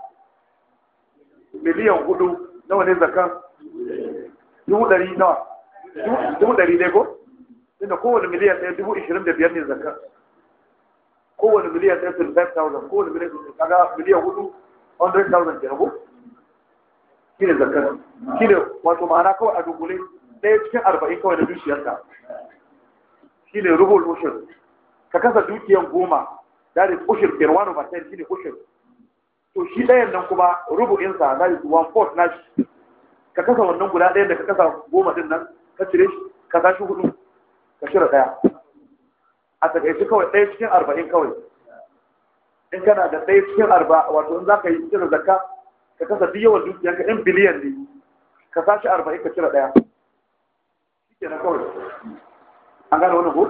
miliyan hudu nawa ne zakan dubu ɗari nawa dubu ɗari dai ko inda kowane miliyan ɗaya dubu ishirin da biyar ne zakka kowane miliyan ɗaya tun five thousand kowane miliyan tun kaga miliyan hudu hundred thousand kenan ko shi ne zakkar shi ne wato ma'ana kawai a dunkule ɗaya cikin arba'in kawai na dukiyarka shi ne rubul ushir ka kasa dukiyan goma that is ushir kenan one over ten shi ne ushir to shi ɗayan nan kuma rubu'insa that is one fourth na shi ka kasa wannan guda ɗayan da ka kasa goma din nan ka cire shi ka sa shi hudu ka cire ɗaya a takaice kawai ɗaya cikin arba'in kawai in kana da ɗaya cikin arba wato in za ka yi cire zakka ka kasa duk yawan ka in biliyan ne ka sa shi arba'in ka cire ɗaya shi ke na kawai an gane wannan ko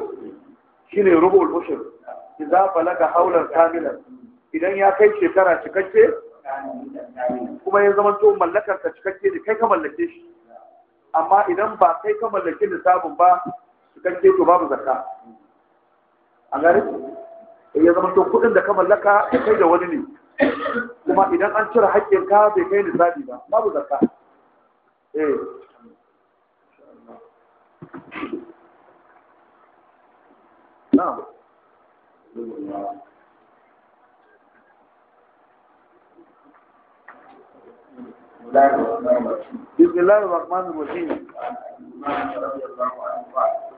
shi ne rubu Ki idza balaga haular kamilan idan ya kai shekara cikakke kuma ya zama to mallakar ka cikakke ne kai ka mallake shi amma idan ba kai ka mallake sabon ba cikakke to babu zakka a gari eh, ya zama to kuɗin da ka mallaka ya kai da wani ne kuma idan an cire haƙƙin ka bai kai zabi ba babu zakka eh na'am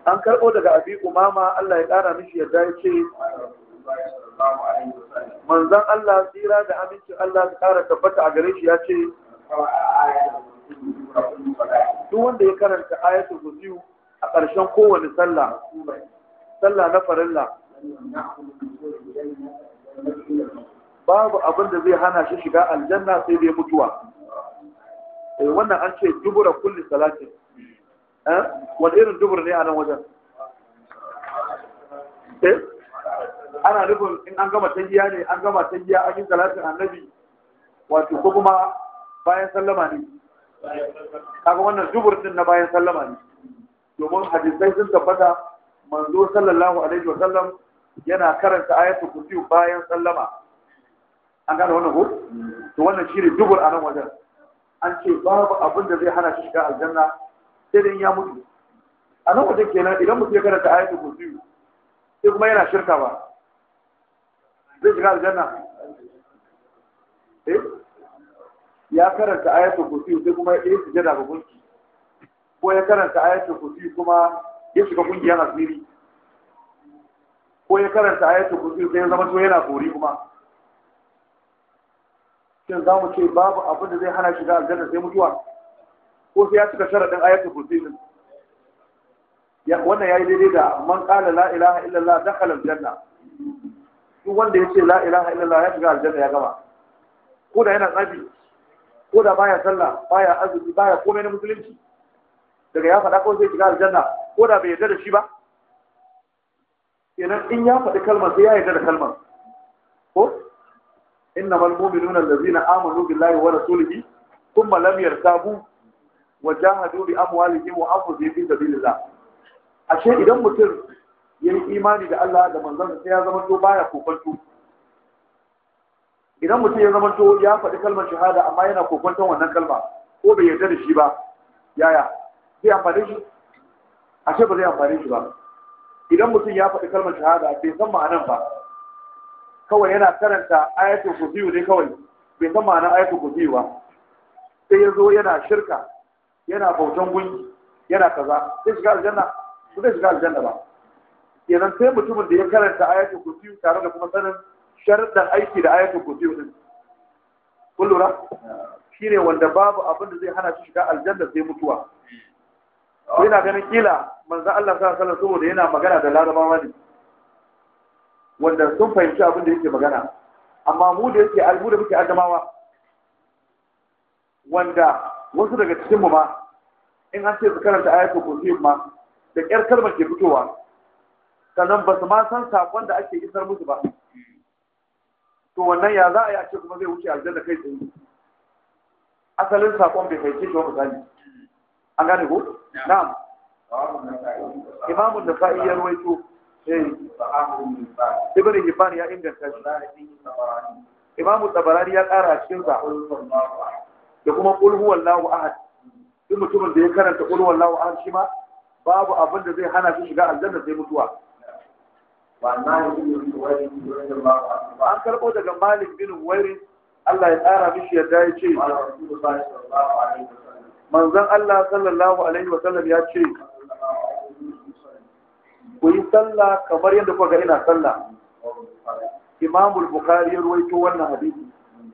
an karɓo daga abi umama Allah ya ƙara mishi yadda ya ce manzan Allah tsira da amincin Allah su ƙara tabbata a gare shi ya ce duk wanda ya karanta ayatul kursiyu a ƙarshen kowane sallah sallah na farilla babu abin da zai hana shi shiga aljanna sai dai mutuwa Eh, wannan an ce dubura kulli salatin eh, wani irin dubura ne a nan wajen eh, ana nufin in an gama tajiya ne an gama tajiya an yi salatin annabi wato ko kuma bayan sallama ne kaga wannan dubur din na bayan sallama ne domin hadisai sun tabbata manzo sallallahu alaihi wa sallam yana karanta ayatul kursi bayan sallama an gane wannan ko to wannan shine dubur a nan wajen an ce babu abin da zai hana shi shiga aljanna sai dai ya mutu a nan wajen kenan idan mutum ya karanta ko kursiyu sai kuma yana shirka ba zai shiga aljanna eh ya karanta ko kursiyu sai kuma ya shiga sujada ga gunki ko ya karanta ko kursiyu kuma ya shiga yana asiri ko ya karanta ko kursiyu sai ya zama to yana gori kuma shin za mu ce babu abin da zai hana shiga aljanna sai mutuwa ko sai ya cika sharaɗin ayatul kursi din wannan ya yi daidai da man qala la ilaha illallah dakhala aljanna duk wanda ya ce la ilaha illallah ya shiga aljanna ya gama ko da yana tsabi, ko da baya sallah baya azumi baya komai na musulunci daga ya faɗa ko zai shiga aljanna ko da bai yarda da shi ba kenan in ya faɗi kalmar sai ya yarda da kalmar ko nuna da zina, إنما المؤمنون الذين آمنوا بالله ورسوله ثم لم يرتابوا وجاهدوا بأموالهم وأنفسهم في سبيل الله ashe idan mutum ya yi imani da Allah da manzansa sai ya zama to baya kokonto idan mutum ya zama to ya faɗi kalmar shahada amma yana kokonton wannan kalma ko bai yarda da shi ba yaya zai amfane shi ashe ba zai amfane shi ba idan mutum ya faɗi kalmar shahada bai san ma'anan ba kawai yana karanta ayatul kursiyu ne kawai bai san ma'anar ayatul kursiyu ba sai ya zo yana shirka yana bautan gunki yana kaza sai shiga aljanna su zai shiga aljanna ba kenan sai mutumin da ya karanta ayatul kursiyu tare da kuma sanin sharuɗan aiki da ayatul kursiyu din kun lura shine wanda babu abin da zai hana shi shiga aljanna sai mutuwa ko yana ganin kila manzo Allah sallallahu alaihi wasallam saboda yana magana da larabawa ne wanda sun fahimci abin da yake magana amma mu da yake albu da muke adamawa wanda wasu daga cikin mu ma in an ce su karanta ayatul kursi ma da kyar kalmar ke fitowa sannan ba su ma san sakon da ake isar musu ba to wannan ya za a yi a ce kuma zai wuce aljanna kai tsaye asalin sakon bai kai shi wa misali an gane ko na'am da nasa'i ya ruwaito eh ibn hibban ya inganta shi imamu tabarani ya ƙara a cikin sa da kuma qul huwallahu ahad duk mutumin da ya karanta qul huwallahu ahad shi ma babu abin da zai hana shi shiga aljanna sai mutuwa an karɓo daga malik bin wairin Allah ya tsara mishi yadda ya ce manzon Allah sallallahu alaihi wasallam ya ce ku yi sallah kamar yadda kuka gani na sallah imam bukhari ya ruwaito wannan hadisi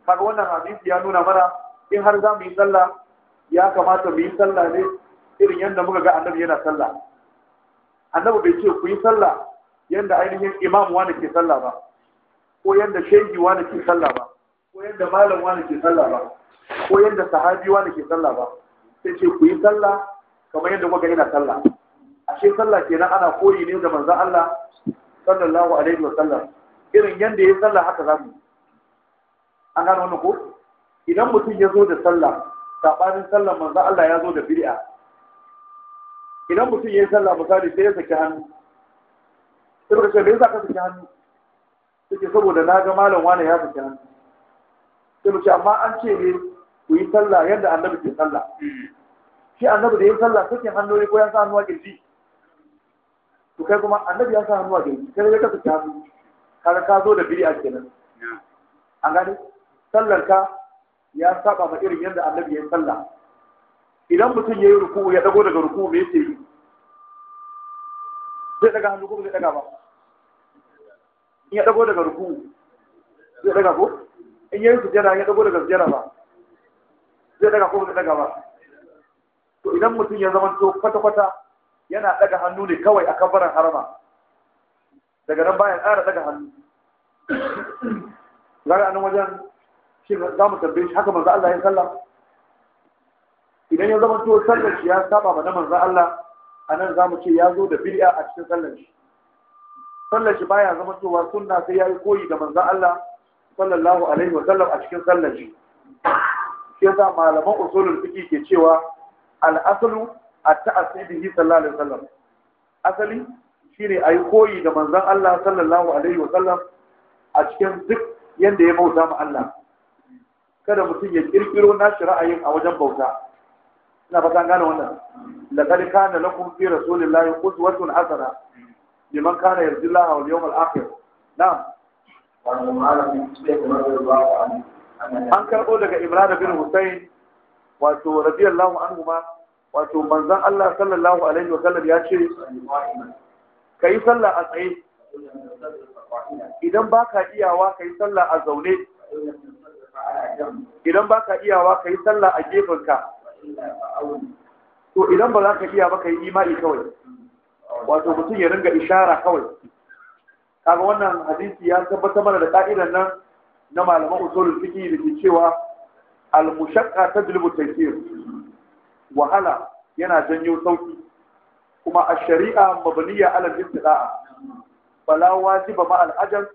kaga wannan hadisi ya nuna mana in har za mu yi sallah ya kamata mu yi sallah ne irin yadda muka ga annabi yana sallah annabi bai ce ku yi sallah yadda ainihin imam wani ke sallah ba ko yadda shehi wani ke sallah ba ko yadda malam wani ke sallah ba ko yadda sahabi wani ke sallah ba sai ce ku yi sallah kamar yadda kuka ga yana sallah ashe sallah kenan ana koyi ne ga manzon Allah sallallahu alaihi wa sallam irin yanda ya sallah haka za mu an gano wannan ko idan mutum ya zo da sallah sabanin sallah manzon Allah ya zo da bid'a idan mutum ya yi sallah misali sai ya saki hannu sai ka ce me yasa ka saki hannu suke saboda na ga malam wani ya saki hannu sai mu ce amma an ce ne ku yi sallah yadda annabi ke sallah hmm. shi annabi da yi sallah sakin hannu ne ko ya sa hannu a kirji to kai kuma annabi ya sa hannu a gari kai ya fita hannu Kada ka zo da bid'a kenan an gani? sallar ka ya saba ma irin yadda annabi ya salla idan mutum ya yi ruku'u ya dago daga ruku'u me yake yi zai daga hannu ko zai daga ba in ya dago daga ruku'u zai daga ko in ya yi sujjada ya dago daga sujjada ba zai daga ko zai daga ba to idan mutum ya zama to kwata-kwata yana daga hannu ne kawai a kabarin harama daga nan bayan ƙara daga hannu zara a nan wajen shi za mu tambaye shi haka manzo Allah ya sallah idan ya zama to sallar shi ya saba ma na manzo Allah a nan za mu ce ya zo da bid'a a cikin sallar shi sallar shi baya zama towa sunna sai yi koyi da manzo Allah sallallahu alaihi wa sallam a cikin sallar shi shi yasa malaman usulul fiqh ke cewa al-aslu A tasibihi sallallahu alaihi wasallam asali shine ayi koyi da manzon Allah sallallahu alaihi wasallam a cikin duk yanda ya bauta ma Allah kada mutum ya kirkiro nashi ra'ayin a wajen bauta ina fata gane wannan laqad kana lakum fi rasulillahi uswatun hasana liman kana yarjullaha wal yawmal akhir na'am an karɓo daga imran bin husayn wato radiyallahu anhu ma wato Manzan Allah sallallahu alaihi sallam ya ce ka yi sallah a tsaye idan ba ka iyawa ka yi sallah a zaune idan ba ka iyawa ka yi sallah a gefenka to idan ba za ka iya ba ka yi imani kawai wato mutum ya ringa ishara kawai kaga wannan hadisi ya tabbatar mana da ka'idan nan na malaman usulul fiqh da ke cewa al-mushaqqa tajlibu tayyib wahala yana janyo sauki kuma a shari'a mabaniya alal ibtida'a bala wajiba ma al ajal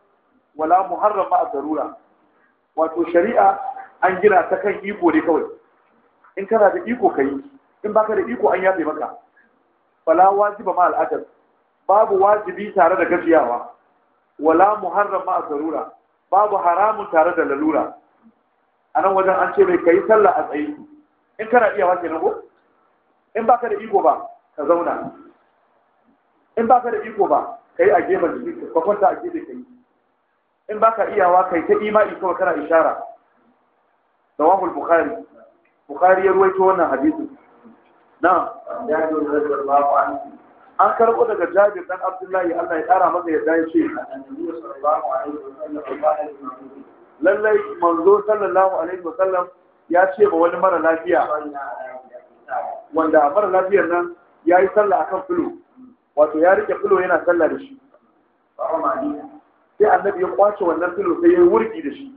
wala muharram ma darura wato shari'a an gina ta kan iko ne kawai in kana da iko kai in baka da iko an yafe maka bala wajiba ma al ajal babu wajibi tare da gajiyawa wala muharram ma darura babu haramun tare da lalura anan wajen an ce mai kai sallah a tsayi in kana iya wa na ko in baka da iko ba ka zauna in baka da iko ba kai a gefen jiki ka kwanta a gefe kai in baka iyawa kai ta imani kuma kana ishara wahul bukhari bukhari ya ruwaito wannan hadisi na an karbo daga jabir dan abdullahi Allah ya kara masa yadda ya ce lallai manzo sallallahu alaihi wasallam ya ce ba wani mara lafiya wanda mara lafiyar nan ya yi sallah akan filo wato ya rike filo yana sallah da shi sai annabi ya kwace wannan filo sai ya yi wurgi da shi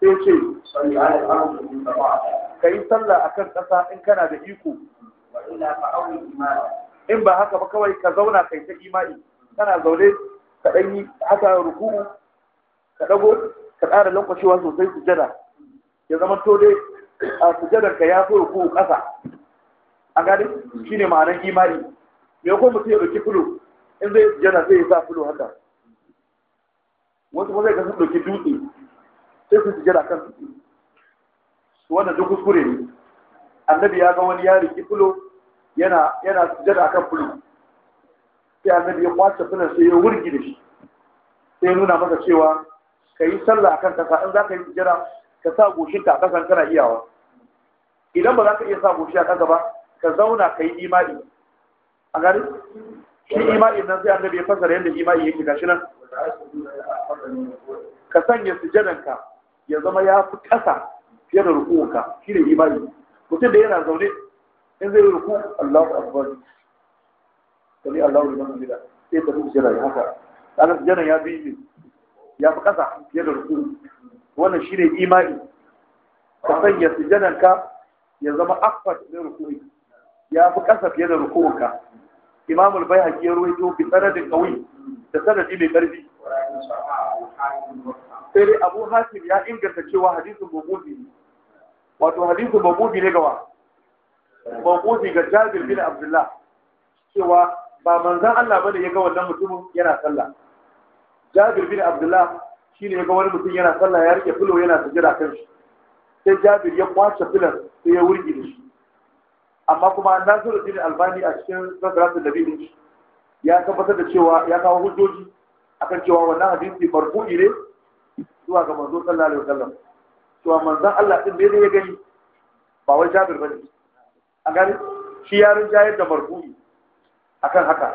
sai ce ka yi sallah akan ƙasa in kana da iko in ba haka ba kawai ka zauna kai ta imani kana zaune ka ɗan haka ruku'u ka ɗago ka ƙara lankwashewa sosai su sujada ya zama to dai a sujadar ka ya fi ku ƙasa an shi ne ma'anar imani me ko mutum ya ɗauki fulo in zai sujada sai ya sa fulo haka wasu kuma zai ka ɗauki dutse sai su sujada kan Su wannan duk kuskure ne annabi ya ga wani ya riki fulo yana yana sujada akan fulo sai annabi ya kwace fulon sai ya wurgi da shi sai ya nuna masa cewa ka yi sallah akan kasa in za ka yi sujada ka sa goshinka a ƙasan kana iyawa idan ba za ka iya sa goshi a ƙasa ba ka zauna ka yi imani a gani shi imani nan sai annabi ya fasara yadda imani yake shi nan ka sanya sujadanka ya zama ya fi ƙasa fiye da rukunka shi ne imani mutum da yana zaune in zai ruku Allahu akbar Sani Allahu liman hamida sai ka fi da ya haka ranar sujadan ya bi ya fi ƙasa fiye da rukunka wannan shi ne imani ka sanya sujadanka ya zama akwat na rukuni ya fi ƙasa fiye da rukunka imamul bai haƙi ya ruwaito fi sanadin ƙauyi da sanadi mai ƙarfi sai dai abu hasim ya inganta cewa hadisin Mabudi ne wato hadisin Mabudi ne gawa Mabudi ga jabir bin abdullah cewa ba manzan allah bane ya ga wannan mutumin yana sallah jabir bin abdullah shi ne ga wani mutum yana sallah ya rike filo yana sujjada kan shi sai jabir ya kwace filar sai ya wurgi da shi amma kuma nasiru din albani a cikin zakaratu da bibin ya tabbatar da cewa ya kawo hujjoji akan cewa wannan hadisi marfu'i ne zuwa ga manzo sallallahu alaihi wasallam cewa manzon Allah din ne ya gani ba wai jabir bane a gani shi ya jayar da marfu'i akan haka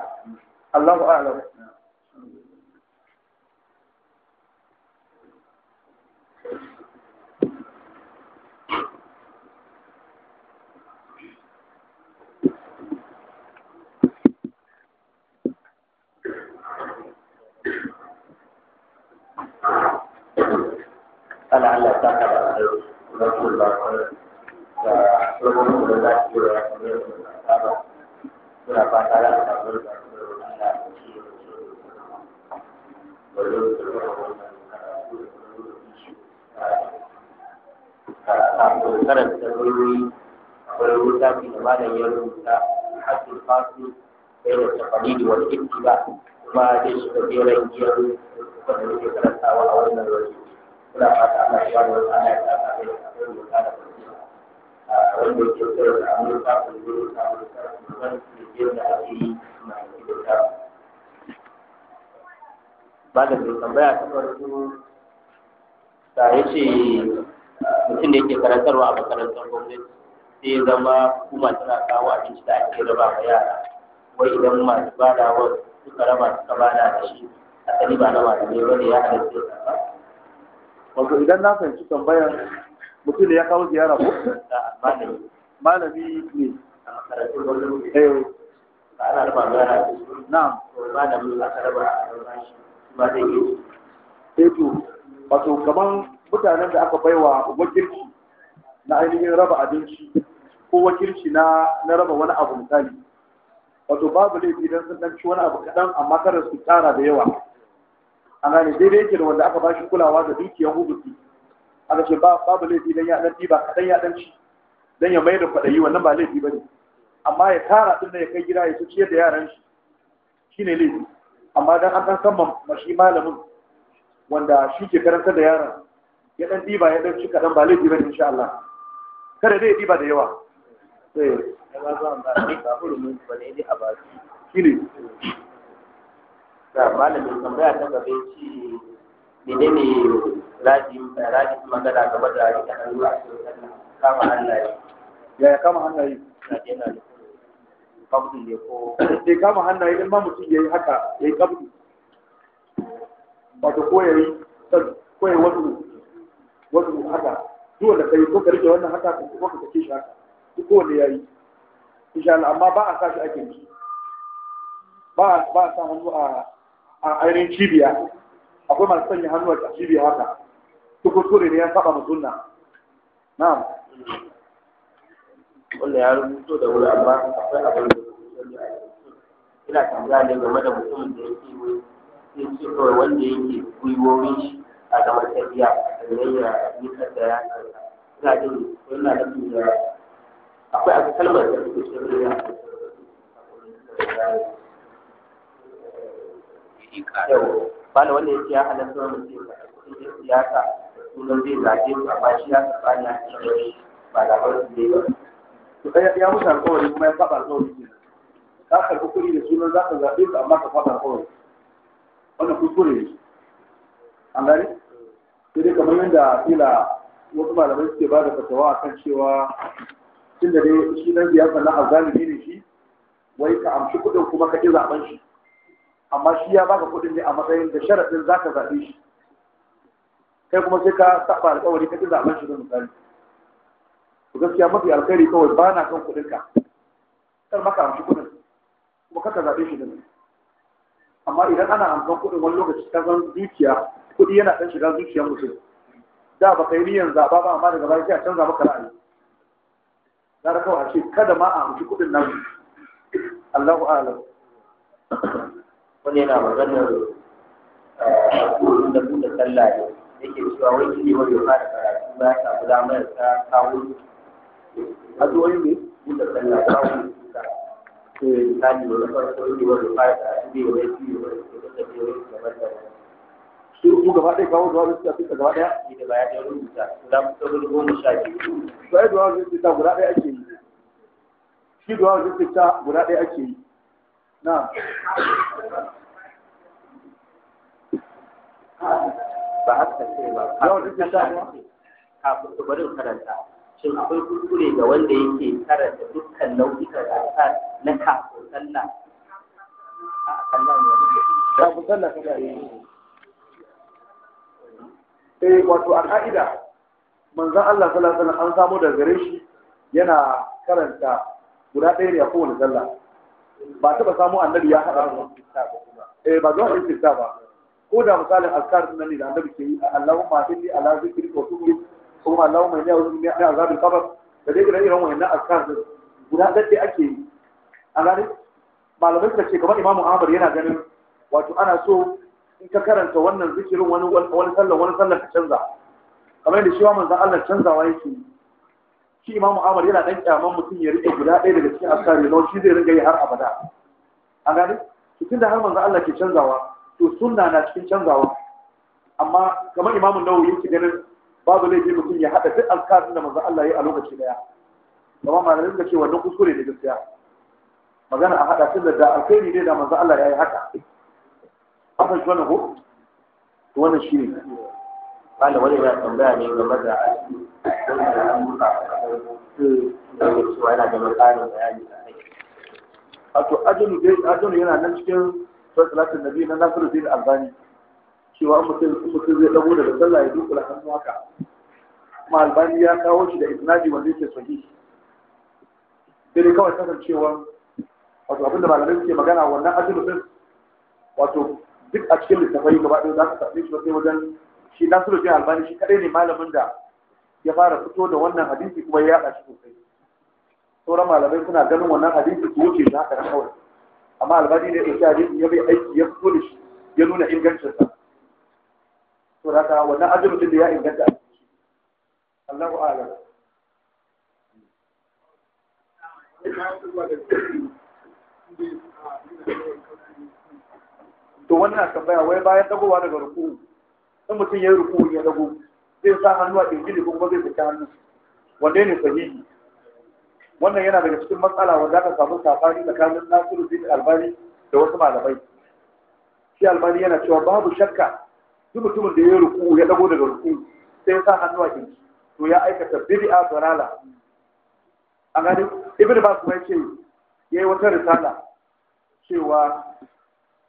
Allahu a'lam ana Allah ta ka da alheri na kula da rubutun da za ki yi suna fata ya ta da da karanta wuri akwai wuta fi da da ya rubuta hasil fasu sai da tafani da wani ba kuma zai shiga jeran giyar da yake karantawa a wannan waje muna fata Allah ya bada da wanda yi ba da mai tambaya ta farko ta ya ce mutum da yake karantarwa a makarantar gwamnati sai zama kuma tana kawo abinci da ake raba ma yara wai idan masu bada wasu suka raba suka bada da shi asali ba na malamai bane ya halatta wato idan na fahimci tambayar mutum ne ya kawo ziyara ko malami ne eh na'am eh to wato kaman mutanen da aka baiwa wakilci na ainihin raba abinci ko wakilci na na raba wani abu misali wato babu laifi idan sun ɗanci wani abu kaɗan amma kada su tara da yawa an dai daidai yake da wanda aka ba shi kulawa da dukiyar hubusi aka ce babu laifi dan ya dan ba kaɗan ya dan ci dan ya mai da kwaɗayi wannan ba laifi ba ne amma ya tara ɗin da ya kai gida ya ci ciyar da yaran shi shine laifi amma dan an san mashi malamin wanda shi ke karanta da yaran ya dan ɗiba ya dan ci kaɗan ba laifi ba ne insha Allah kada dai ya ɗiba da yawa. Eh. Shine. ga malamin tambaya ta gaba ce menene raji raji magana game da ita na ruwa kama hannaye ya kama hannaye na dena da kabdu ne ko sai eh, kama hannaye in ma mutum yayi haka yayi kabdu wato ko yayi ko yayi wasu wasu haka duwa da kai ko ka rike wannan haka ko ka kace shi haka duk wanda yayi insha Allah amma ba a sa shi ake ba ba a sa hannu a a ainihin cibiya akwai masu sanya hannu a cibiya haka tukuture ne ya saba mu sunna na'am wanda ya rubuto da wuri amma akwai abin da ina tambaya ne game da mutumin da yake wuri sai ce kawai wanda yake gwiwoyin shi a zaman tafiya sannan ya nisar da ya ina jin ina da akwai a kalmar da suke shirya shi ƙara. Bala wanda ya ce ya halatta wani mutum ya kasance siyasa sunan zai zaɓe su amma shi ya karɓa ne a cikin ba da wani zai ba. To kai ya mutu alƙawari kuma ya saba alƙawari ne ka karɓi kuɗi da sunan za ka zaɓe su amma ka saba alƙawari. Wannan kuskure ne. An gani? Sai dai kamar yadda kila wasu malamai suke ba da fatawa kan cewa tun da dai shi nan siyasa na azalimi ne shi wai ka amshi kuɗin kuma ka ƙi zaɓen shi. amma shi ya baka kuɗin ne a matsayin da sharaɗin za ka zaɓe shi kai kuma sai ka saba alƙawari ka ƙi zaɓen shi da misali to gaskiya mafi alkhairi kawai ba na kan kuɗin ka kar maka amshi kuɗin kuma ka ka zaɓe shi da ne amma idan ana amfan kuɗin wani lokaci ka san zuciya kuɗi yana ɗan shiga zuciyar mutum da ba yi niyan zaɓa ba amma daga baya sai a canza maka ra'ayi ka kawai a ce kada ma a amshi kuɗin nan Allahu a'lam wani yana maganar eh, alƙawarin da buɗe sallah ne yake cewa wai shi ne wani da karatu ba ya samu damar ta kawo wani ne buɗe sallah kawo misali eh, wani farko ne wani da karatu ne wani biyu wani da ne wani gaban da wani shi mu gaba ɗaya kawo zuwa zuciya suka gaba ɗaya ni da baya ɗaya rubuta guda kusa gudu goma sha biyu to ai zuwa zuciya guda ɗaya ake yi shi zuwa zuciya guda ɗaya ake yi نعم ba haka ce ba kafin su bari karanta shin akwai kuskure ga wanda yake karanta dukkan nau'ikan asar na kafin sallah a sallah ne kafin sallah kada yi eh wato a ka'ida manzan Allah sallallahu alaihi wasallam an samu daga gare shi yana karanta guda ɗaya ne a kowane sallah ba taɓa samu annabi ya haɗa ba eh ba zuwa istifta ba ko da misalin azkar nan ne da annabi ke yi Allahumma inni ala zikri wa shukri kuma Allahumma inni a'udhu min azabil qabr da dai irin wannan azkar din guda dadde ake yi a gani malamai suka ce kamar Imam Ahmad yana ganin wato ana so in ka karanta wannan zikirin wani wani sallah wani sallah ka canza kamar yadda shi wa manzon Allah canzawa yake yi shi imamu amal yana dan kyaman mutum ya rike guda ɗaya daga cikin askari don shi zai ringa yi har abada A gani, cikin da har manzo Allah ke canzawa to sunna na cikin canzawa amma kamar imamu nawawi yake ganin babu laifi mutum ya haɗa duk alkarin da manzo Allah ya a lokaci daya kuma malamin da ce wannan kuskure ne gaskiya magana a haɗa tun da alkhairi ne da manzo Allah ya yi haka an fahimci wannan ko wannan shi ne wani ya tambaya ne game da wato ajinu dai ajinu yana nan cikin salatin nabi na nasiru din albani cewa mutum mutum zai dago daga sallah ya duka da hannu haka kuma albani ya kawo shi da isnadi wanda yake sahihi sai dai kawai kasancewa wato abinda malamai suke magana wannan ajinu din wato duk a cikin littafai gaba ɗaya za ka tafi shi sai wajen shi nasiru din albani shi kadai ne malamin da ya fara fito da wannan hadisi kuma ya yaɗa shi sosai sauran malamai suna ganin wannan hadisi su wuce shi haka kawai amma albadi ne ya ɗauki hadisi ya bai aiki ya fito da shi ya nuna sa to da ka wannan azumin da ya inganta a cikin shi Allahu a'lam to wannan tambaya wai bayan dagowa daga ruku in mutum ya yi ruku ya dago zai sa hannu a kirkiri kuma zai fita hannu wanda ne sahihi wannan yana daga cikin matsala wanda aka samu safari tsakanin nasiru bin albani da wasu malamai shi albani yana cewa babu shakka duk mutumin da ya ruku ya dago daga ruku sai ya sa hannu a kirki to ya aikata bid'a dalala a gani ibn bas mai ce yi wata risala cewa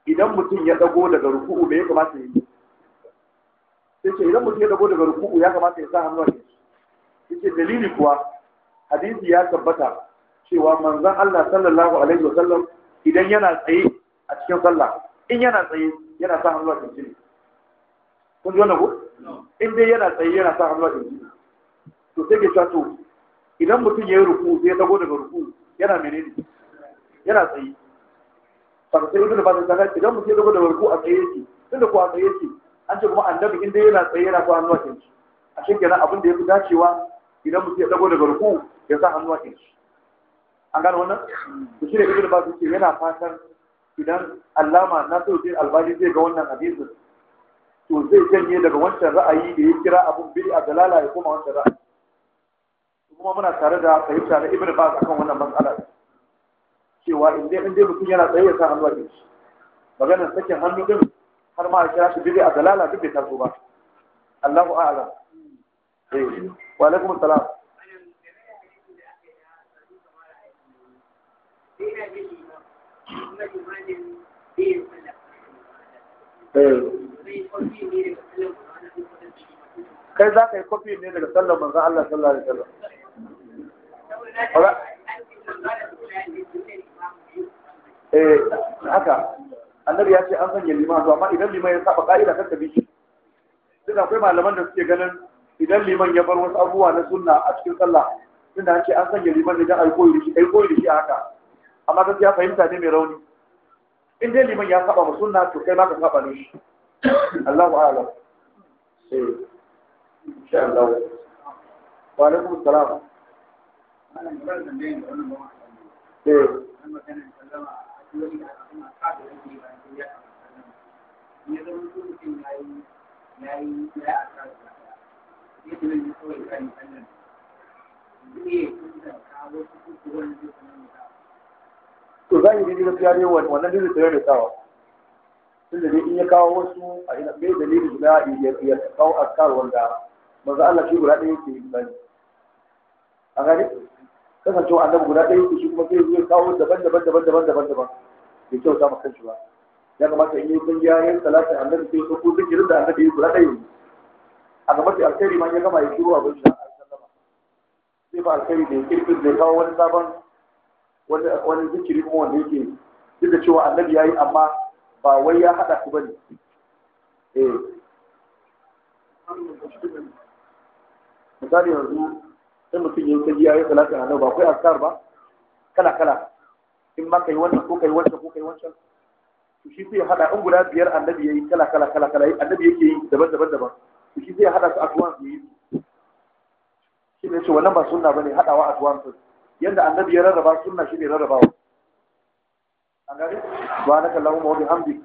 idan mutum ya dago daga ruku me ya kamata ya yi sai idan mutum ya dago daga ruku'u ya kamata ya sa hannuwa ne yake dalili kuwa hadisi ya tabbata cewa manzon Allah sallallahu alaihi wasallam idan yana tsaye a cikin sallah in yana tsaye yana sa hannuwa a jini kun ji wannan ko in dai yana tsaye yana sa hannuwa kan jini to sai ke cewa to idan mutum ya yi ruku sai ya dago daga ruku yana menene yana tsaye fa sai ibnu ba ta idan mutum ya dago daga ruku a tsaye yake tunda ko a tsaye yake an ce kuma annabi inda yana tsaye yana kuma hannuwa kinci a shi kenan abin da ya fi dacewa idan mutum ya dago daga ruku ya sa hannuwa kinci an gano wannan to shi ne ibn ba su ce yana fatan idan allama na sai albani zai ga wannan hadisin to zai janye daga wancan ra'ayi da ya kira abun biri a dalala ya koma wancan ra'ayi kuma muna tare da fahimta na ibn ba akan wannan matsalar cewa in dai mutum yana tsaye ya sa hannuwa kinci maganar sakin hannu din har ma a kira shi a dalala duk bai taso ba Allahu a'lam eh, wa alaikum salam. Eh. kai za ka yi kofi ne daga sallar manzo Allah sallallahu alaihi wasallam eh haka annabi ya ce an sanya liman to amma idan liman ya saba ka'ida kan bi shi duk akwai malaman da suke ganin idan liman ya bar wasu abubuwa na sunna a cikin sallah tun da ce an sanya liman ne don a yi koyi da shi a yi koyi da shi a haka amma gaskiya fahimta ne mai rauni in dai liman ya saba ma sunna to kai ma ka saba ne shi Allahu a'lam eh, insha Allah wa alaikum assalam eh to za yi jirgin fiya ne wannan da tsaye da sawa tunda dai in ya kawo wasu a ina bai dalili guda ya kawo askar wanda maza Allah shi guda ɗaya ke yi bane a gani kasancewa annabi guda ɗaya yake shi kuma sai zai kawo daban daban daban daban daban daban bai kyauta ma kanshi ba ya kamata in yi kungiya yin salatin annabi sai ko ko zikirin da annabi guda ɗaya ne a gaba, sai alkhairi ma ya gama ya shiru abin shi sai fa alkhairi da ya kirkir da kawo wani sabon wani zikiri kuma wanda yake duk da cewa annabi ya yi amma ba wai ya haɗa su ba ne eh. misali yanzu sai mutum ya yi ta biya ya salatin annabi ba akwai askar ba kala kala in ka kai wannan ko kai wancan ko kai wancan to shi sai ya hada in guda biyar annabi yayi kala kala kala kala annabi yake yi daban daban daban to shi sai ya hada su a tuwan su yi shi ne ce wannan ba sunna bane hadawa a tuwan su yanda annabi ya rarraba sunna shi ne rarrabawa an gane subhanaka allahumma wa bihamdik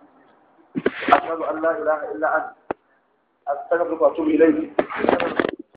ashhadu an la ilaha illa anta astaghfiruka wa atubu